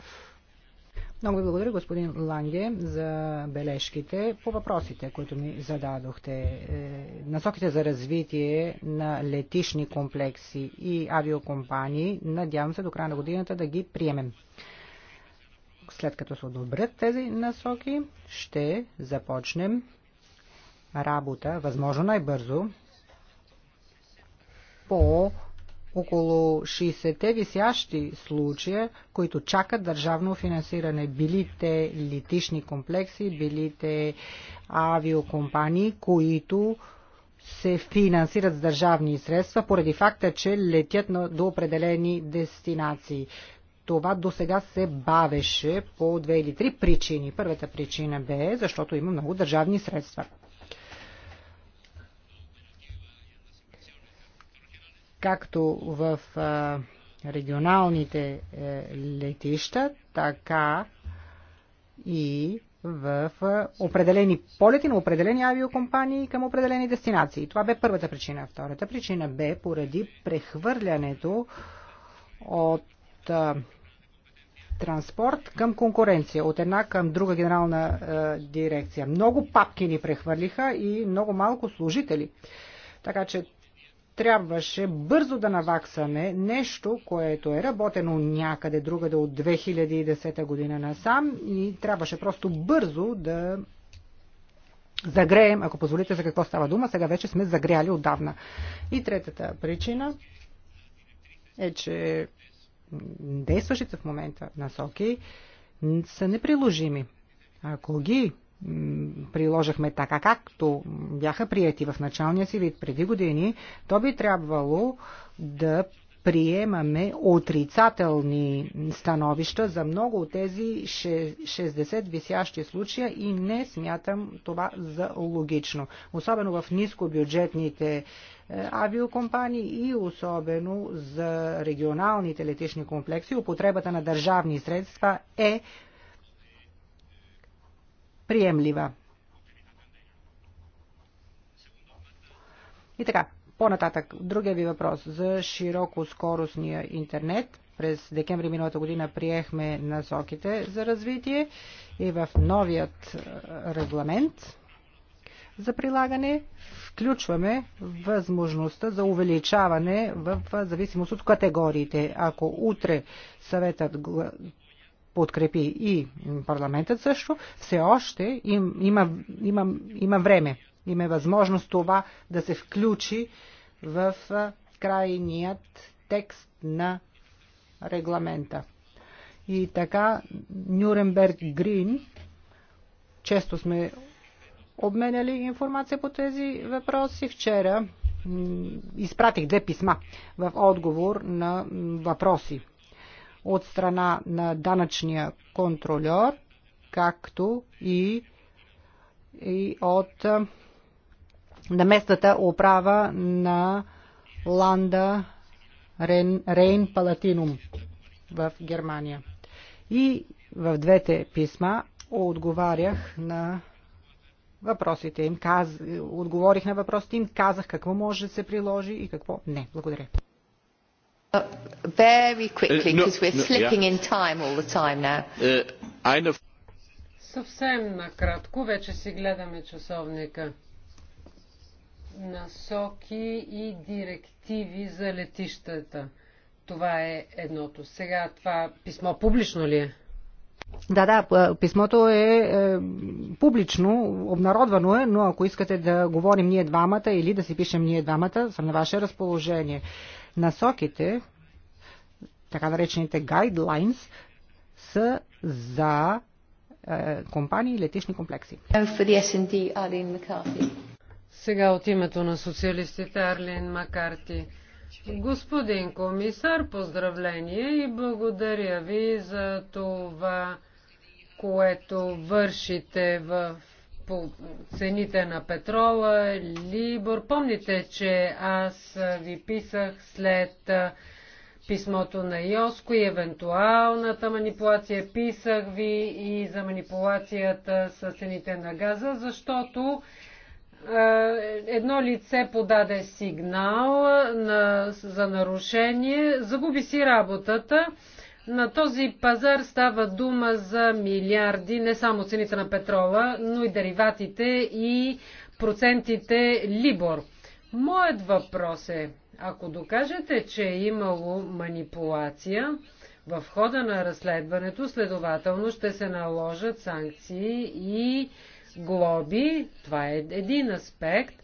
Много ви благодаря, господин Ланге, за бележките по въпросите, които ми зададохте. Е, насоките за развитие на летишни комплекси и авиокомпании, надявам се до края на годината да ги приемем. След като се одобрят тези насоки, ще започнем работа, възможно най-бързо, по около 60-те висящи случая, които чакат държавно финансиране. Били те летишни комплекси, били те авиокомпании, които се финансират с държавни средства поради факта, че летят до определени дестинации. Това до сега се бавеше по две или три причини. Първата причина бе, защото има много държавни средства. както в регионалните е, летища, така и в определени полети на определени авиокомпании към определени дестинации. Това бе първата причина. Втората причина бе поради прехвърлянето от транспорт към конкуренция, от една към друга генерална а, дирекция. Много папки ни прехвърлиха и много малко служители. Така че трябваше бързо да наваксаме нещо, което е работено някъде другаде от 2010 година насам и трябваше просто бързо да загреем, ако позволите за какво става дума, сега вече сме загряли отдавна. И третата причина е, че действащите в момента насоки са неприложими. Ако ги приложихме така, както бяха прияти в началния си вид преди години, то би трябвало да приемаме отрицателни становища за много от тези 60 висящи случая и не смятам това за логично. Особено в нискобюджетните е, авиокомпании и особено за регионалните летишни комплекси употребата на държавни средства е приемлива. И така, по-нататък, другия ви въпрос за широко скоростния интернет. През декември миналата година приехме насоките за развитие и в новият регламент за прилагане включваме възможността за увеличаване в зависимост от категориите. Ако утре съветът подкрепи и парламентът също, все още им, има, има, има време, има възможност това да се включи в крайният текст на регламента. И така Нюрнберг Грин, често сме обменяли информация по тези въпроси. Вчера изпратих две писма в отговор на въпроси от страна на данъчния контролер, както и, и от на местната управа на Ланда Рейн, Рейн Палатинум в Германия. И в двете писма отговарях на въпросите им, каз... отговорих на въпросите им, казах какво може да се приложи и какво не. Благодаря. Uh, very quickly, because uh, we're slipping in time all the time now. Uh, Съвсем накратко, вече си гледаме часовника. Насоки и директиви за летищата. Това е едното. Сега това писмо публично ли е? Да, да, писмото е, е публично, обнародвано е, но ако искате да говорим ние двамата или да си пишем ние двамата, съм на ваше разположение. Насоките, така наречените guidelines, са за е, компании и летишни комплекси. Сега от името на социалистите Арлин Макарти. Господин комисар, поздравление и благодаря ви за това, което вършите в по цените на петрола, Либор. Помните, че аз ви писах след писмото на Йоско и евентуалната манипулация. Писах ви и за манипулацията с цените на газа, защото едно лице подаде сигнал на, за нарушение, загуби си работата на този пазар става дума за милиарди, не само цените на петрола, но и дериватите и процентите Либор. Моят въпрос е, ако докажете, че е имало манипулация в хода на разследването, следователно ще се наложат санкции и глоби. Това е един аспект.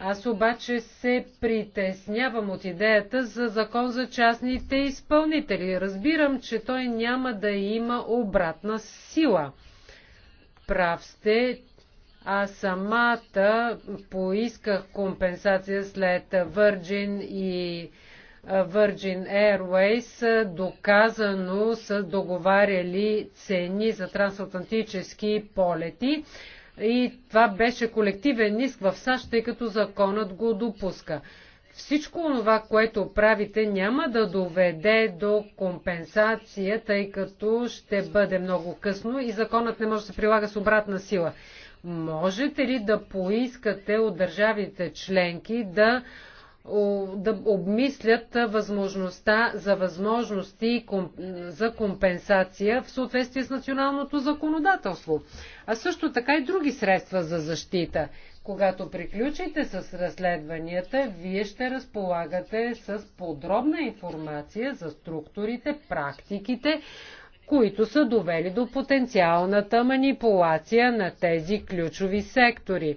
Аз обаче се притеснявам от идеята за закон за частните изпълнители. Разбирам, че той няма да има обратна сила. Прав сте, а самата поисках компенсация след Virgin и Virgin Airways доказано са договаряли цени за трансатлантически полети и това беше колективен ниск в САЩ, тъй като законът го допуска. Всичко това, което правите, няма да доведе до компенсация, тъй като ще бъде много късно и законът не може да се прилага с обратна сила. Можете ли да поискате от държавите членки да да обмислят възможността за възможности за компенсация в съответствие с националното законодателство, а също така и други средства за защита. Когато приключите с разследванията, вие ще разполагате с подробна информация за структурите, практиките, които са довели до потенциалната манипулация на тези ключови сектори.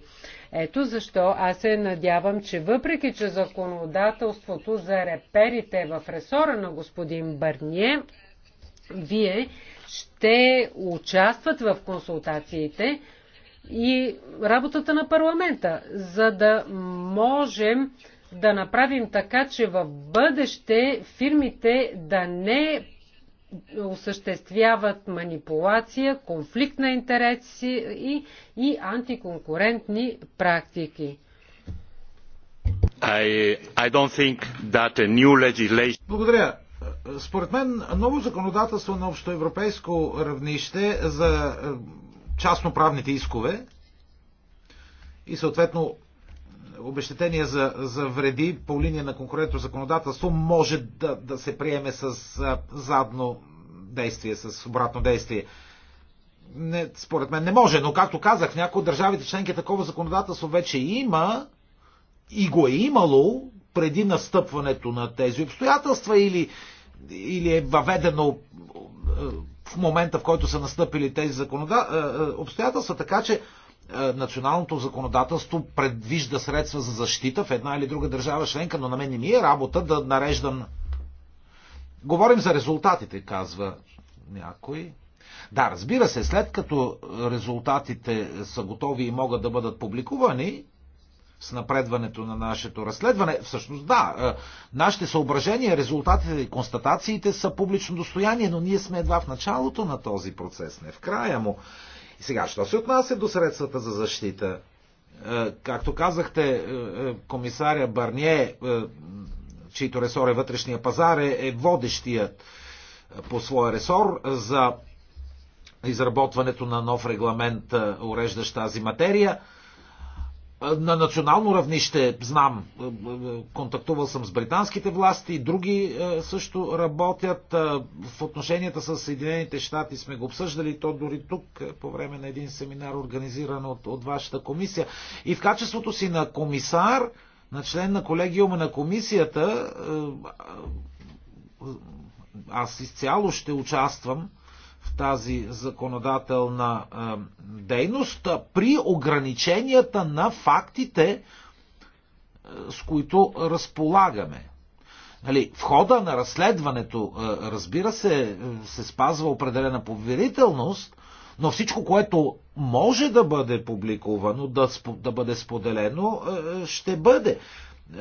Ето защо аз се надявам, че въпреки, че законодателството за реперите е в ресора на господин Бърние, вие ще участват в консултациите и работата на парламента, за да можем да направим така, че в бъдеще фирмите да не осъществяват манипулация, конфликт на интереси и, и антиконкурентни практики. I, I don't think that a new legislation... Благодаря. Според мен ново законодателство на общоевропейско равнище за е, частноправните искове и съответно обещетение за, за вреди по линия на конкурентно законодателство може да, да се приеме с а, задно действие, с обратно действие. Не, според мен не може, но както казах, някои от държавите членки такова законодателство вече има и го е имало преди настъпването на тези обстоятелства или, или е въведено в момента, в който са настъпили тези законода... обстоятелства, така че е, националното законодателство предвижда средства за защита в една или друга държава членка, но на мен не ми е работа да нареждам. Говорим за резултатите, казва някой. Да, разбира се, след като резултатите са готови и могат да бъдат публикувани, с напредването на нашето разследване. Всъщност, да, е, нашите съображения, резултатите и констатациите са публично достояние, но ние сме едва в началото на този процес, не в края му. И сега, що се отнася до средствата за защита? Е, както казахте, е, е, комисаря Барние, чийто ресор е вътрешния пазар, е водещият по своя ресор за изработването на нов регламент, уреждащ тази материя на национално равнище знам, е, е, контактувал съм с британските власти, други е, също работят. В отношенията с Съединените щати сме го обсъждали, то дори тук по време на един семинар, организиран от, от вашата комисия. И в качеството си на комисар, на член на колегиума на комисията, аз изцяло ще участвам в тази законодателна дейност при ограниченията на фактите, с които разполагаме. Нали, в хода на разследването, разбира се, се спазва определена поверителност, но всичко, което може да бъде публикувано, да, да бъде споделено, ще бъде.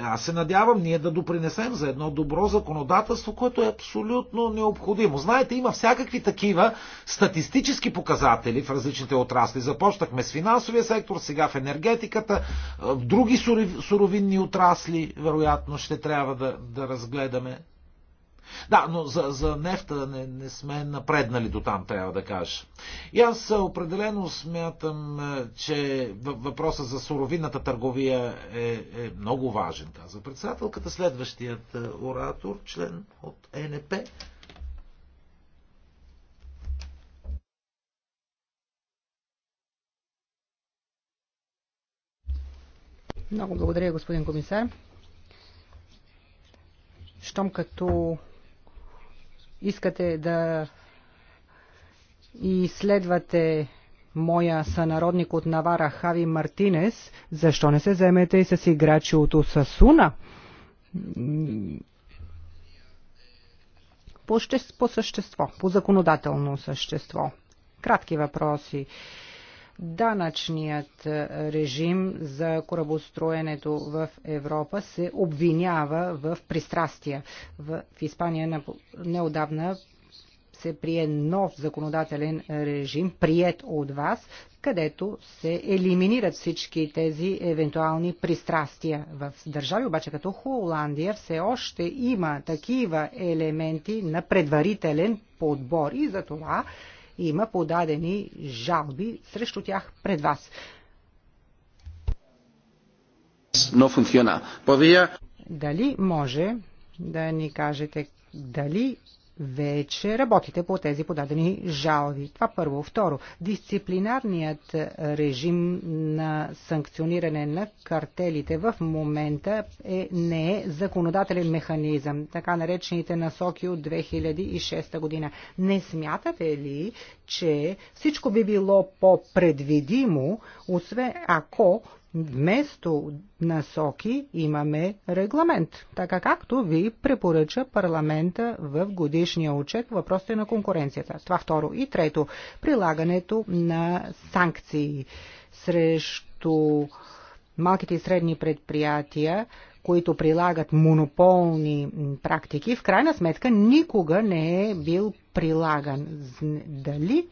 Аз се надявам ние да допринесем за едно добро законодателство, което е абсолютно необходимо. Знаете, има всякакви такива статистически показатели в различните отрасли. Започнахме с финансовия сектор, сега в енергетиката, е, в други суровинни отрасли, вероятно ще трябва да, да разгледаме да, но за, за нефта не, не сме напреднали до там, трябва да кажа. И аз определено смятам, е, че въпросът за суровинната търговия е, е много важен, каза председателката. Следващият е, оратор, член от ЕНП. Много благодаря, господин комисар. Щом като искате да изследвате моя сънародник от Навара Хави Мартинес, защо не се вземете и с играчи от Осасуна? По, по същество, по законодателно същество. Кратки въпроси данъчният е, режим за корабостроенето в Европа се обвинява в пристрастия. В Испания неодавна се прие нов законодателен режим, прият от вас, където се елиминират всички тези евентуални пристрастия. В държави обаче като Холандия все още има такива елементи на предварителен подбор и за това има подадени жалби срещу тях пред вас. Дали може да ни кажете дали вече работите по тези подадени жалби. Това първо. Второ, дисциплинарният режим на санкциониране на картелите в момента е, не е законодателен механизъм, така наречените насоки от 2006 година. Не смятате ли, че всичко би било по-предвидимо, освен ако Вместо насоки имаме регламент, така както ви препоръча парламента в годишния отчет въпросите на конкуренцията. Това второ. И трето, прилагането на санкции срещу малките и средни предприятия, които прилагат монополни практики, в крайна сметка никога не е бил прилаган. Дали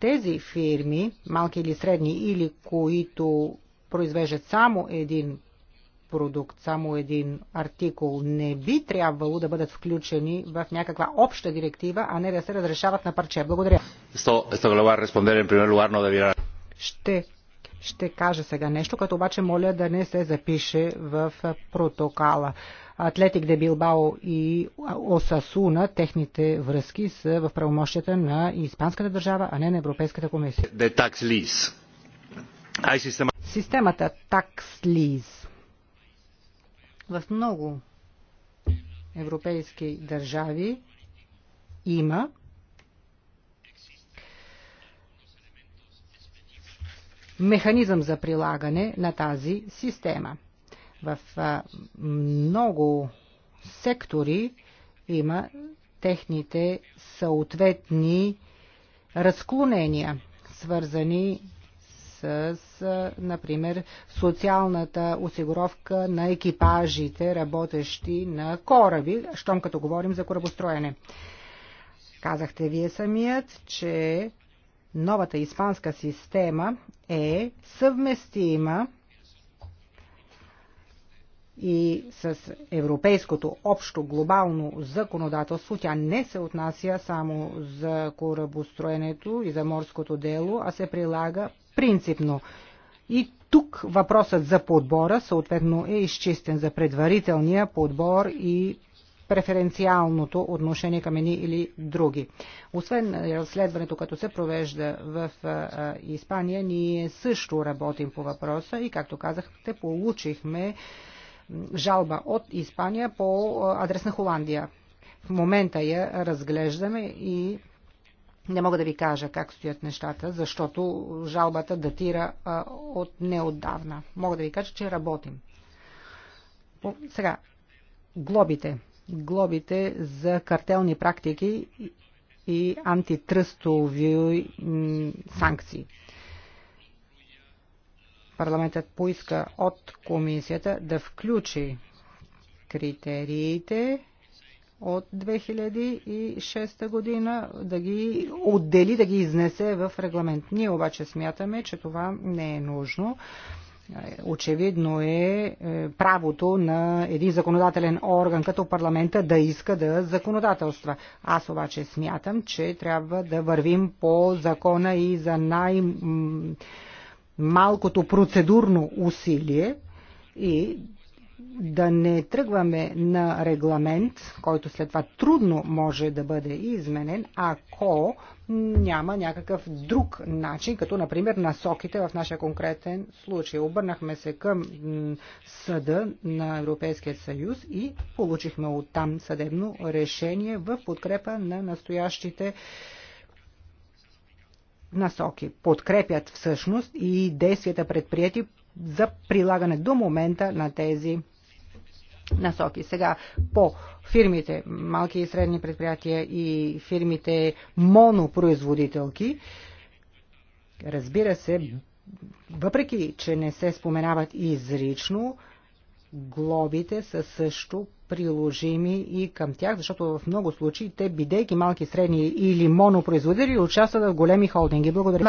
тези фирми, малки или средни, или които произвеждат само един продукт, само един артикул, не би трябвало да бъдат включени в някаква обща директива, а не да се разрешават на парче. Благодаря. Ще, ще кажа сега нещо, като обаче моля да не се запише в протокола. Атлетик де Билбао и Осасуна, техните връзки са в правомощията на Испанската държава, а не на Европейската комисия. Де такс лис. Ай система системата TaxLease. В много европейски държави има механизъм за прилагане на тази система. В много сектори има техните съответни разклонения, свързани с, например, социалната осигуровка на екипажите, работещи на кораби, щом като говорим за корабостроене. Казахте вие самият, че новата испанска система е съвместима и с европейското общо глобално законодателство. Тя не се отнася само за корабостроенето и за морското дело, а се прилага принципно. И тук въпросът за подбора съответно е изчистен за предварителния подбор и преференциалното отношение към едни или други. Освен е, разследването, като се провежда в е, е, Испания, ние също работим по въпроса и, както казахте, получихме жалба от Испания по адрес на Холандия. В момента я разглеждаме и не мога да ви кажа как стоят нещата, защото жалбата датира а, от неотдавна. Мога да ви кажа, че работим. Сега, глобите. Глобите за картелни практики и антитръстови санкции. Парламентът поиска от комисията да включи критериите от 2006 година, да ги отдели, да ги изнесе в регламент. Ние обаче смятаме, че това не е нужно. Е, очевидно е, е правото на един законодателен орган като парламента да иска да законодателства. Аз обаче смятам, че трябва да вървим по закона и за най-малкото процедурно усилие и да не тръгваме на регламент, който след това трудно може да бъде изменен, ако няма някакъв друг начин, като например насоките в нашия конкретен случай. Обърнахме се към съда на Европейския съюз и получихме оттам съдебно решение в подкрепа на настоящите насоки. Подкрепят всъщност и действията предприяти за прилагане до момента на тези насоки. Сега по фирмите, малки и средни предприятия и фирмите монопроизводителки, разбира се, въпреки, че не се споменават изрично, глобите са също приложими и към тях, защото в много случаи те, бидейки малки, средни или монопроизводители, участват в големи холдинги. Благодаря.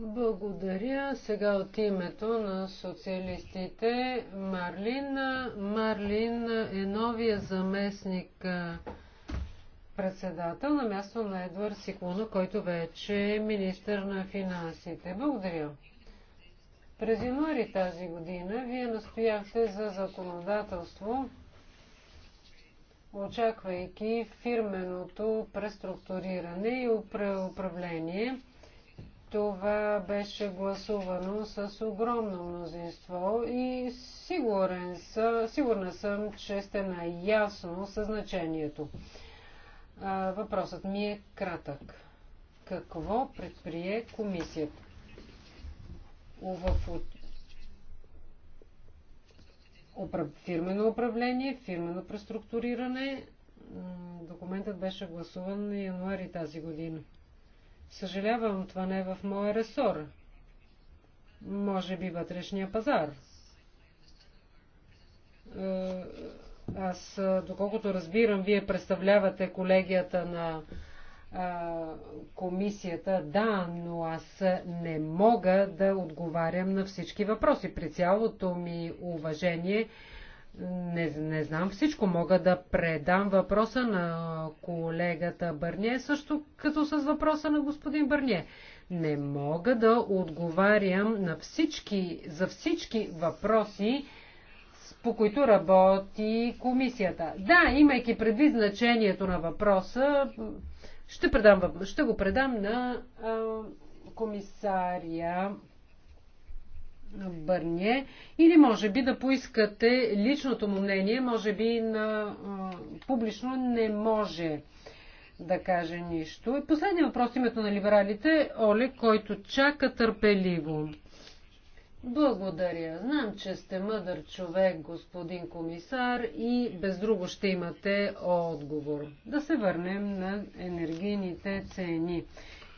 Благодаря. Сега от името на социалистите Марлин. Марлин е новия заместник председател на място на Едвард Сиклуна, който вече е министър на финансите. Благодаря. През януари тази година вие настояхте за законодателство, очаквайки фирменото преструктуриране и управление това беше гласувано с огромно мнозинство и сигурен съ, сигурна съм, че сте наясно със значението. А, въпросът ми е кратък. Какво предприе комисията? В фирмено управление, фирмено преструктуриране. Документът беше гласуван на януари тази година. Съжалявам, това не е в моя ресор. Може би вътрешния пазар. Е, аз, е, доколкото разбирам, вие представлявате колегията на а, комисията. Да, но аз не мога да отговарям на всички въпроси. При цялото ми уважение не, не знам всичко. Мога да предам въпроса на колегата Бърние, също като с въпроса на господин Бърние. Не мога да отговарям на всички, за всички въпроси, по които работи комисията. Да, имайки предвид значението на въпроса, ще, предам, ще го предам на а, комисария Бърние или може би да поискате личното му мнение, може би на, публично не може да каже нищо. И последния въпрос името на либералите Оле, който чака търпеливо. Благодаря. Знам, че сте мъдър човек, господин комисар, и без друго ще имате отговор. Да се върнем на енергийните цени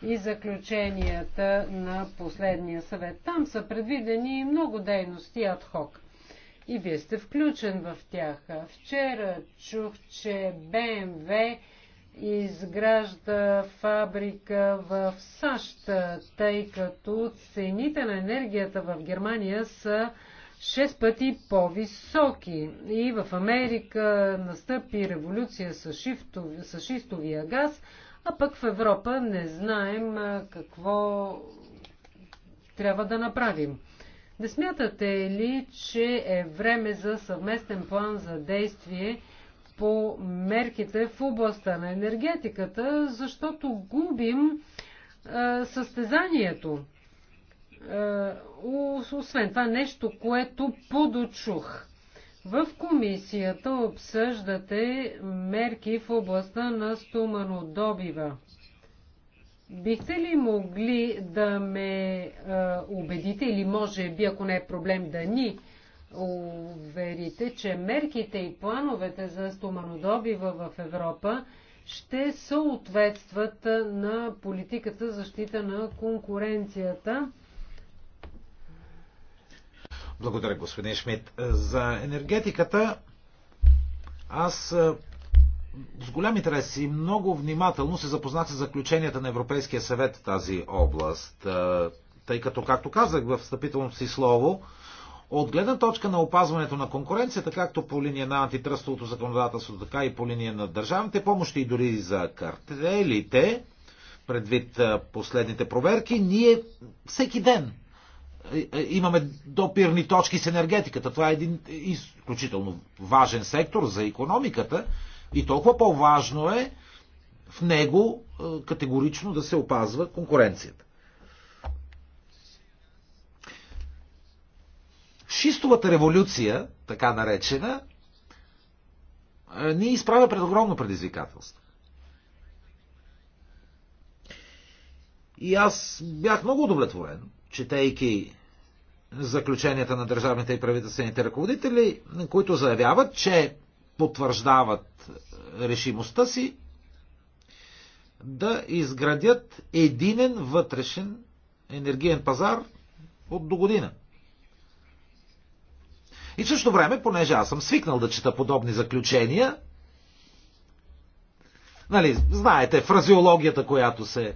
и заключенията на последния съвет. Там са предвидени много дейности адхок. И вие сте включен в тях. Вчера чух, че БМВ изгражда фабрика в САЩ, тъй като цените на енергията в Германия са 6 пъти по-високи. И в Америка настъпи революция с, шифтов... с шистовия газ – а пък в Европа не знаем какво трябва да направим. Не смятате ли, че е време за съвместен план за действие по мерките в областта на енергетиката, защото губим е, състезанието? Е, освен това нещо, което подочух в комисията обсъждате мерки в областта на стоманодобива. Бихте ли могли да ме е, убедите или може би, ако не е проблем, да ни уверите, че мерките и плановете за стоманодобива в Европа ще съответстват на политиката защита на конкуренцията? Благодаря, господин Шмидт. За енергетиката аз с голям интерес и много внимателно се запознах с заключенията на Европейския съвет в тази област, тъй като, както казах в встъпителното си слово, от гледна точка на опазването на конкуренцията, както по линия на антитръстовото законодателство, така и по линия на държавните помощи и дори за картелите, предвид последните проверки, ние всеки ден е, е, имаме допирни точки с енергетиката. Това е един изключително важен сектор за економиката и толкова по-важно е в него е, категорично да се опазва конкуренцията. Шистовата революция, така наречена, ни изправя пред огромно предизвикателство. И аз бях много удовлетворен четейки заключенията на държавните и правителствените ръководители, които заявяват, че потвърждават решимостта си да изградят единен вътрешен енергиен пазар от до година. И в време, понеже аз съм свикнал да чета подобни заключения, нали, знаете фразеологията, която се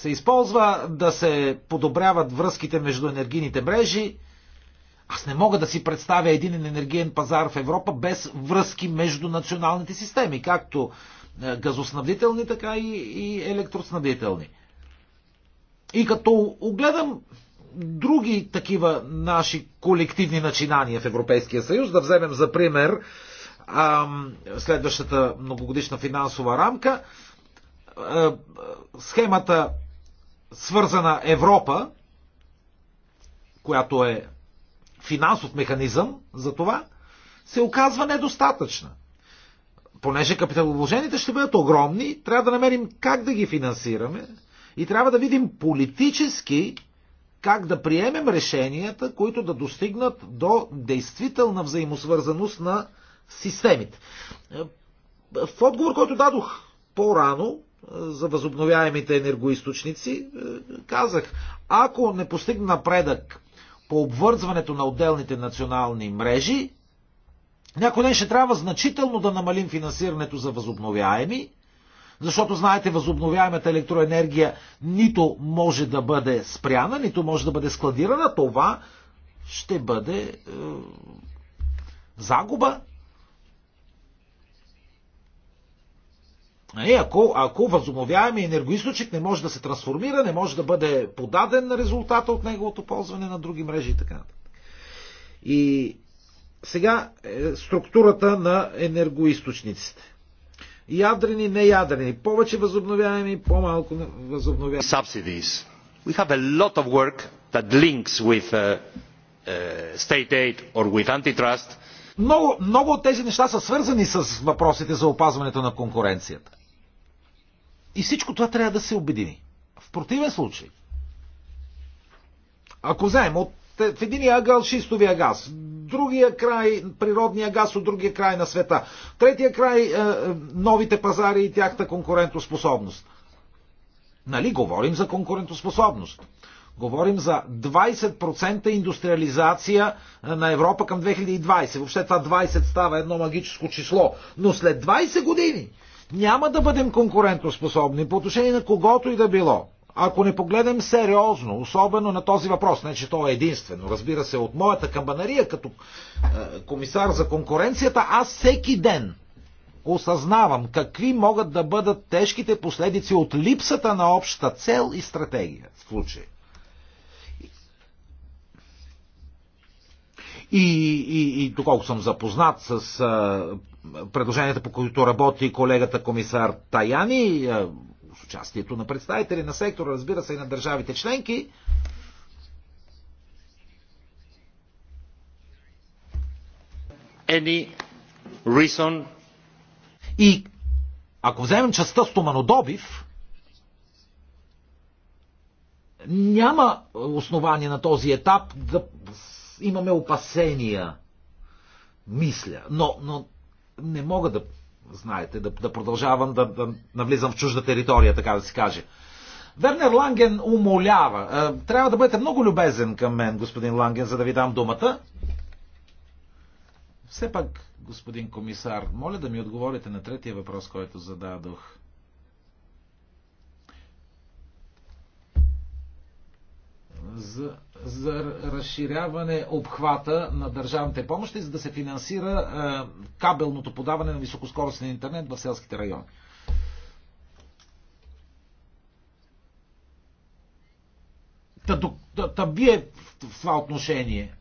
се използва да се подобряват връзките между енергийните мрежи. Аз не мога да си представя един енергиен пазар в Европа без връзки между националните системи, както е, газоснабдителни, така и, и електроснабдителни. И като огледам други такива наши колективни начинания в Европейския съюз, да вземем за пример ам, следващата многогодишна финансова рамка, е, е, схемата свързана Европа, която е финансов механизъм за това, се оказва недостатъчна. Понеже капиталовложените ще бъдат огромни, трябва да намерим как да ги финансираме и трябва да видим политически как да приемем решенията, които да достигнат до действителна взаимосвързаност на системите. В отговор, който дадох по-рано, за възобновяемите енергоисточници, е, казах, ако не постигне напредък по обвързването на отделните национални мрежи, някой ден ще трябва значително да намалим финансирането за възобновяеми, защото, знаете, възобновяемата електроенергия нито може да бъде спряна, нито може да бъде складирана. Това ще бъде е, загуба Е, ако, ако възобновяемия енергоисточник не може да се трансформира, не може да бъде подаден на резултата от неговото ползване на други мрежи и така нататък. И сега е, структурата на енергоисточниците. Ядрени, неядрени. Повече възобновяеми, по-малко възобновяеми. Subsidies. We have a lot of work that links with uh, uh, state aid or with antitrust много, много от тези неща са свързани с въпросите за опазването на конкуренцията. И всичко това трябва да се обедини. В противен случай, ако вземем от е, в единия агал шистовия газ, другия край природния газ от другия край на света, третия край е, е, новите пазари и тяхта конкурентоспособност. Нали, говорим за конкурентоспособност. Говорим за 20% индустриализация на Европа към 2020. Въобще това 20 става едно магическо число. Но след 20 години няма да бъдем конкурентоспособни по отношение на когото и да било. Ако не погледнем сериозно, особено на този въпрос, не че значи то е единствено, разбира се, от моята камбанария като е, комисар за конкуренцията, аз всеки ден осъзнавам какви могат да бъдат тежките последици от липсата на обща цел и стратегия в случая. И, и, и доколко съм запознат с Е, предложенията, по които работи колегата комисар Таяни, е, с участието на представители на сектора, разбира се, и на държавите членки. Any reason? И ако вземем частта стоманодобив, няма основание на този етап да имаме опасения, мисля. Но, но не мога да, знаете, да, да продължавам да, да навлизам в чужда територия, така да се каже. Вернер Ланген умолява. Е, трябва да бъдете много любезен към мен, господин Ланген, за да ви дам думата. Все пак, господин комисар, моля да ми отговорите на третия въпрос, който зададох. за, за разширяване обхвата на държавните помощи, за да се финансира е, кабелното подаване на високоскоростен интернет в селските райони. Та, та, та вие в това отношение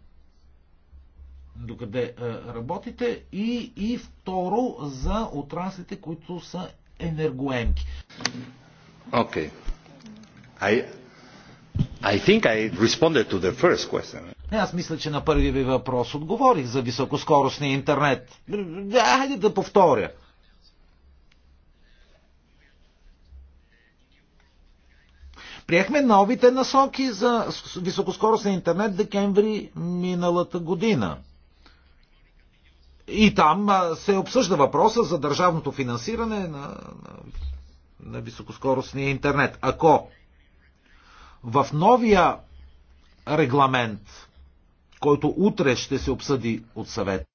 докъде е, работите и, и второ за отраслите, които са енергоемки. Окей. Okay. I think I responded to the first question. Аз мисля, че на първия ви въпрос отговорих за високоскоростния интернет. Хайде да повторя. Приехме новите насоки за високоскоростен интернет декември миналата година. И там се обсъжда въпроса за държавното финансиране на, на, на високоскоростния интернет. Ако в новия регламент, който утре ще се обсъди от съвет,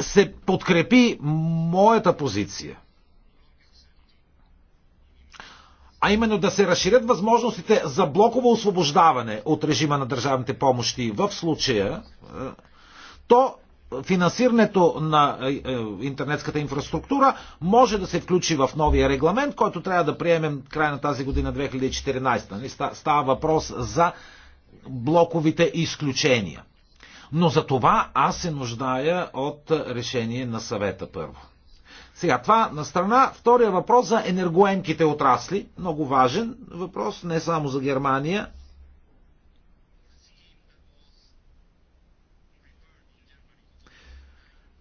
се подкрепи моята позиция. А именно да се разширят възможностите за блоково освобождаване от режима на държавните помощи в случая, то финансирането на е, е, интернетската инфраструктура може да се включи в новия регламент, който трябва да приемем края на тази година 2014. Нали, става въпрос за блоковите изключения. Но за това аз се нуждая от решение на съвета първо. Сега, това на страна. Втория въпрос за енергоемките отрасли. Много важен въпрос, не само за Германия,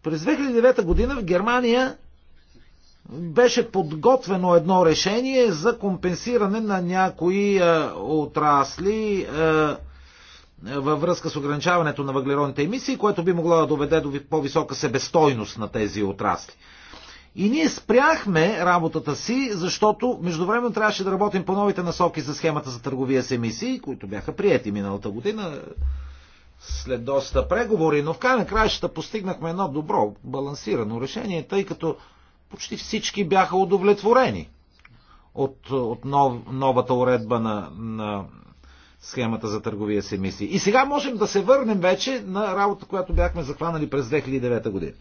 През 2009 година в Германия беше подготвено едно решение за компенсиране на някои а, е, отрасли а, е, във връзка с ограничаването на въглеродните емисии, което би могло да доведе до по-висока себестойност на тези отрасли. И ние спряхме работата си, защото междувременно трябваше да работим по новите насоки за схемата за търговия с емисии, които бяха приети миналата година след доста преговори, но в край на краищата постигнахме едно добро, балансирано решение, тъй като почти всички бяха удовлетворени от, от нов, новата уредба на, на схемата за търговия с емисии. И сега можем да се върнем вече на работа, която бяхме захванали през 2009 година.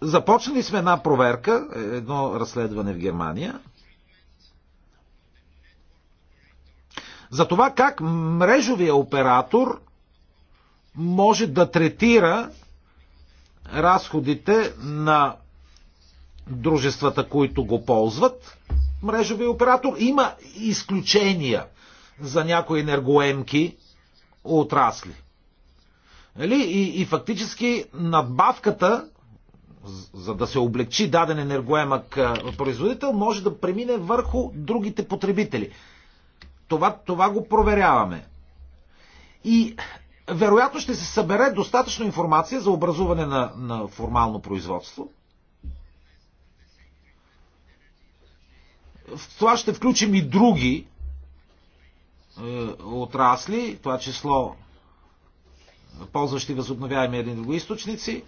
Започнали сме една проверка, едно разследване в Германия, за това как мрежовия оператор може да третира разходите на дружествата, които го ползват. Мрежовия оператор има изключения за някои енергоемки отрасли. Нали? И, и фактически надбавката, за да се облегчи даден енергоемък производител, може да премине върху другите потребители. Това, това го проверяваме. И вероятно ще се събере достатъчно информация за образуване на, на формално производство. В това ще включим и други е, отрасли, това число е, ползващи възобновяеми или други източници.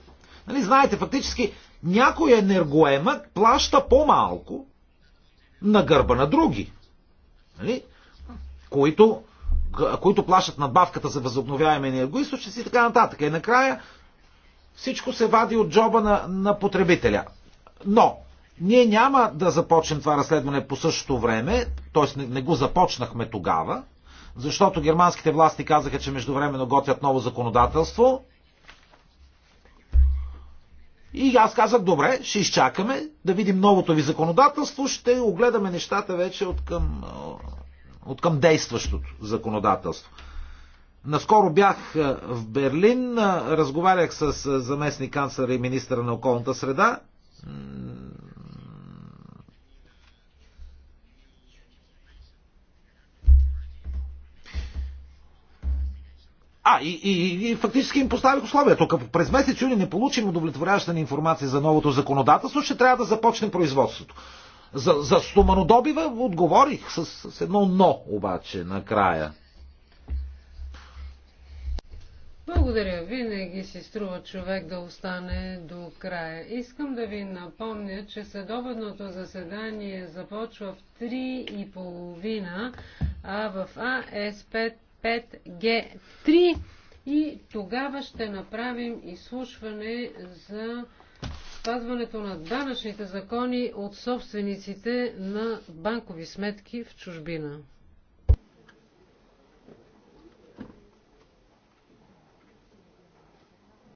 Нали, знаете, фактически някой енергоемък плаща по-малко на гърба на други. Нали? които, които плащат надбавката за възобновяеми енергоисточници и така нататък. И накрая всичко се вади от джоба на, на потребителя. Но ние няма да започнем това разследване по същото време, т.е. Не, не го започнахме тогава, защото германските власти казаха, че междувременно готвят ново законодателство. И аз казах, добре, ще изчакаме да видим новото ви законодателство, ще огледаме нещата вече от към от към действащото законодателство. Наскоро бях е, в Берлин, е, разговарях с е, заместник канцлер и министра на околната среда. А, и, и, и фактически им поставих условието. Тук през месец юни не получим удовлетворяваща ни информация за новото законодателство, ще трябва да започне производството. За, за стоманодобива отговорих с, с едно но обаче накрая. Благодаря. Винаги си струва човек да остане до края. Искам да ви напомня, че следобедното заседание започва в 3.30, а в АС5 5G3 и тогава ще направим изслушване за спазването на данъчните закони от собствениците на банкови сметки в чужбина.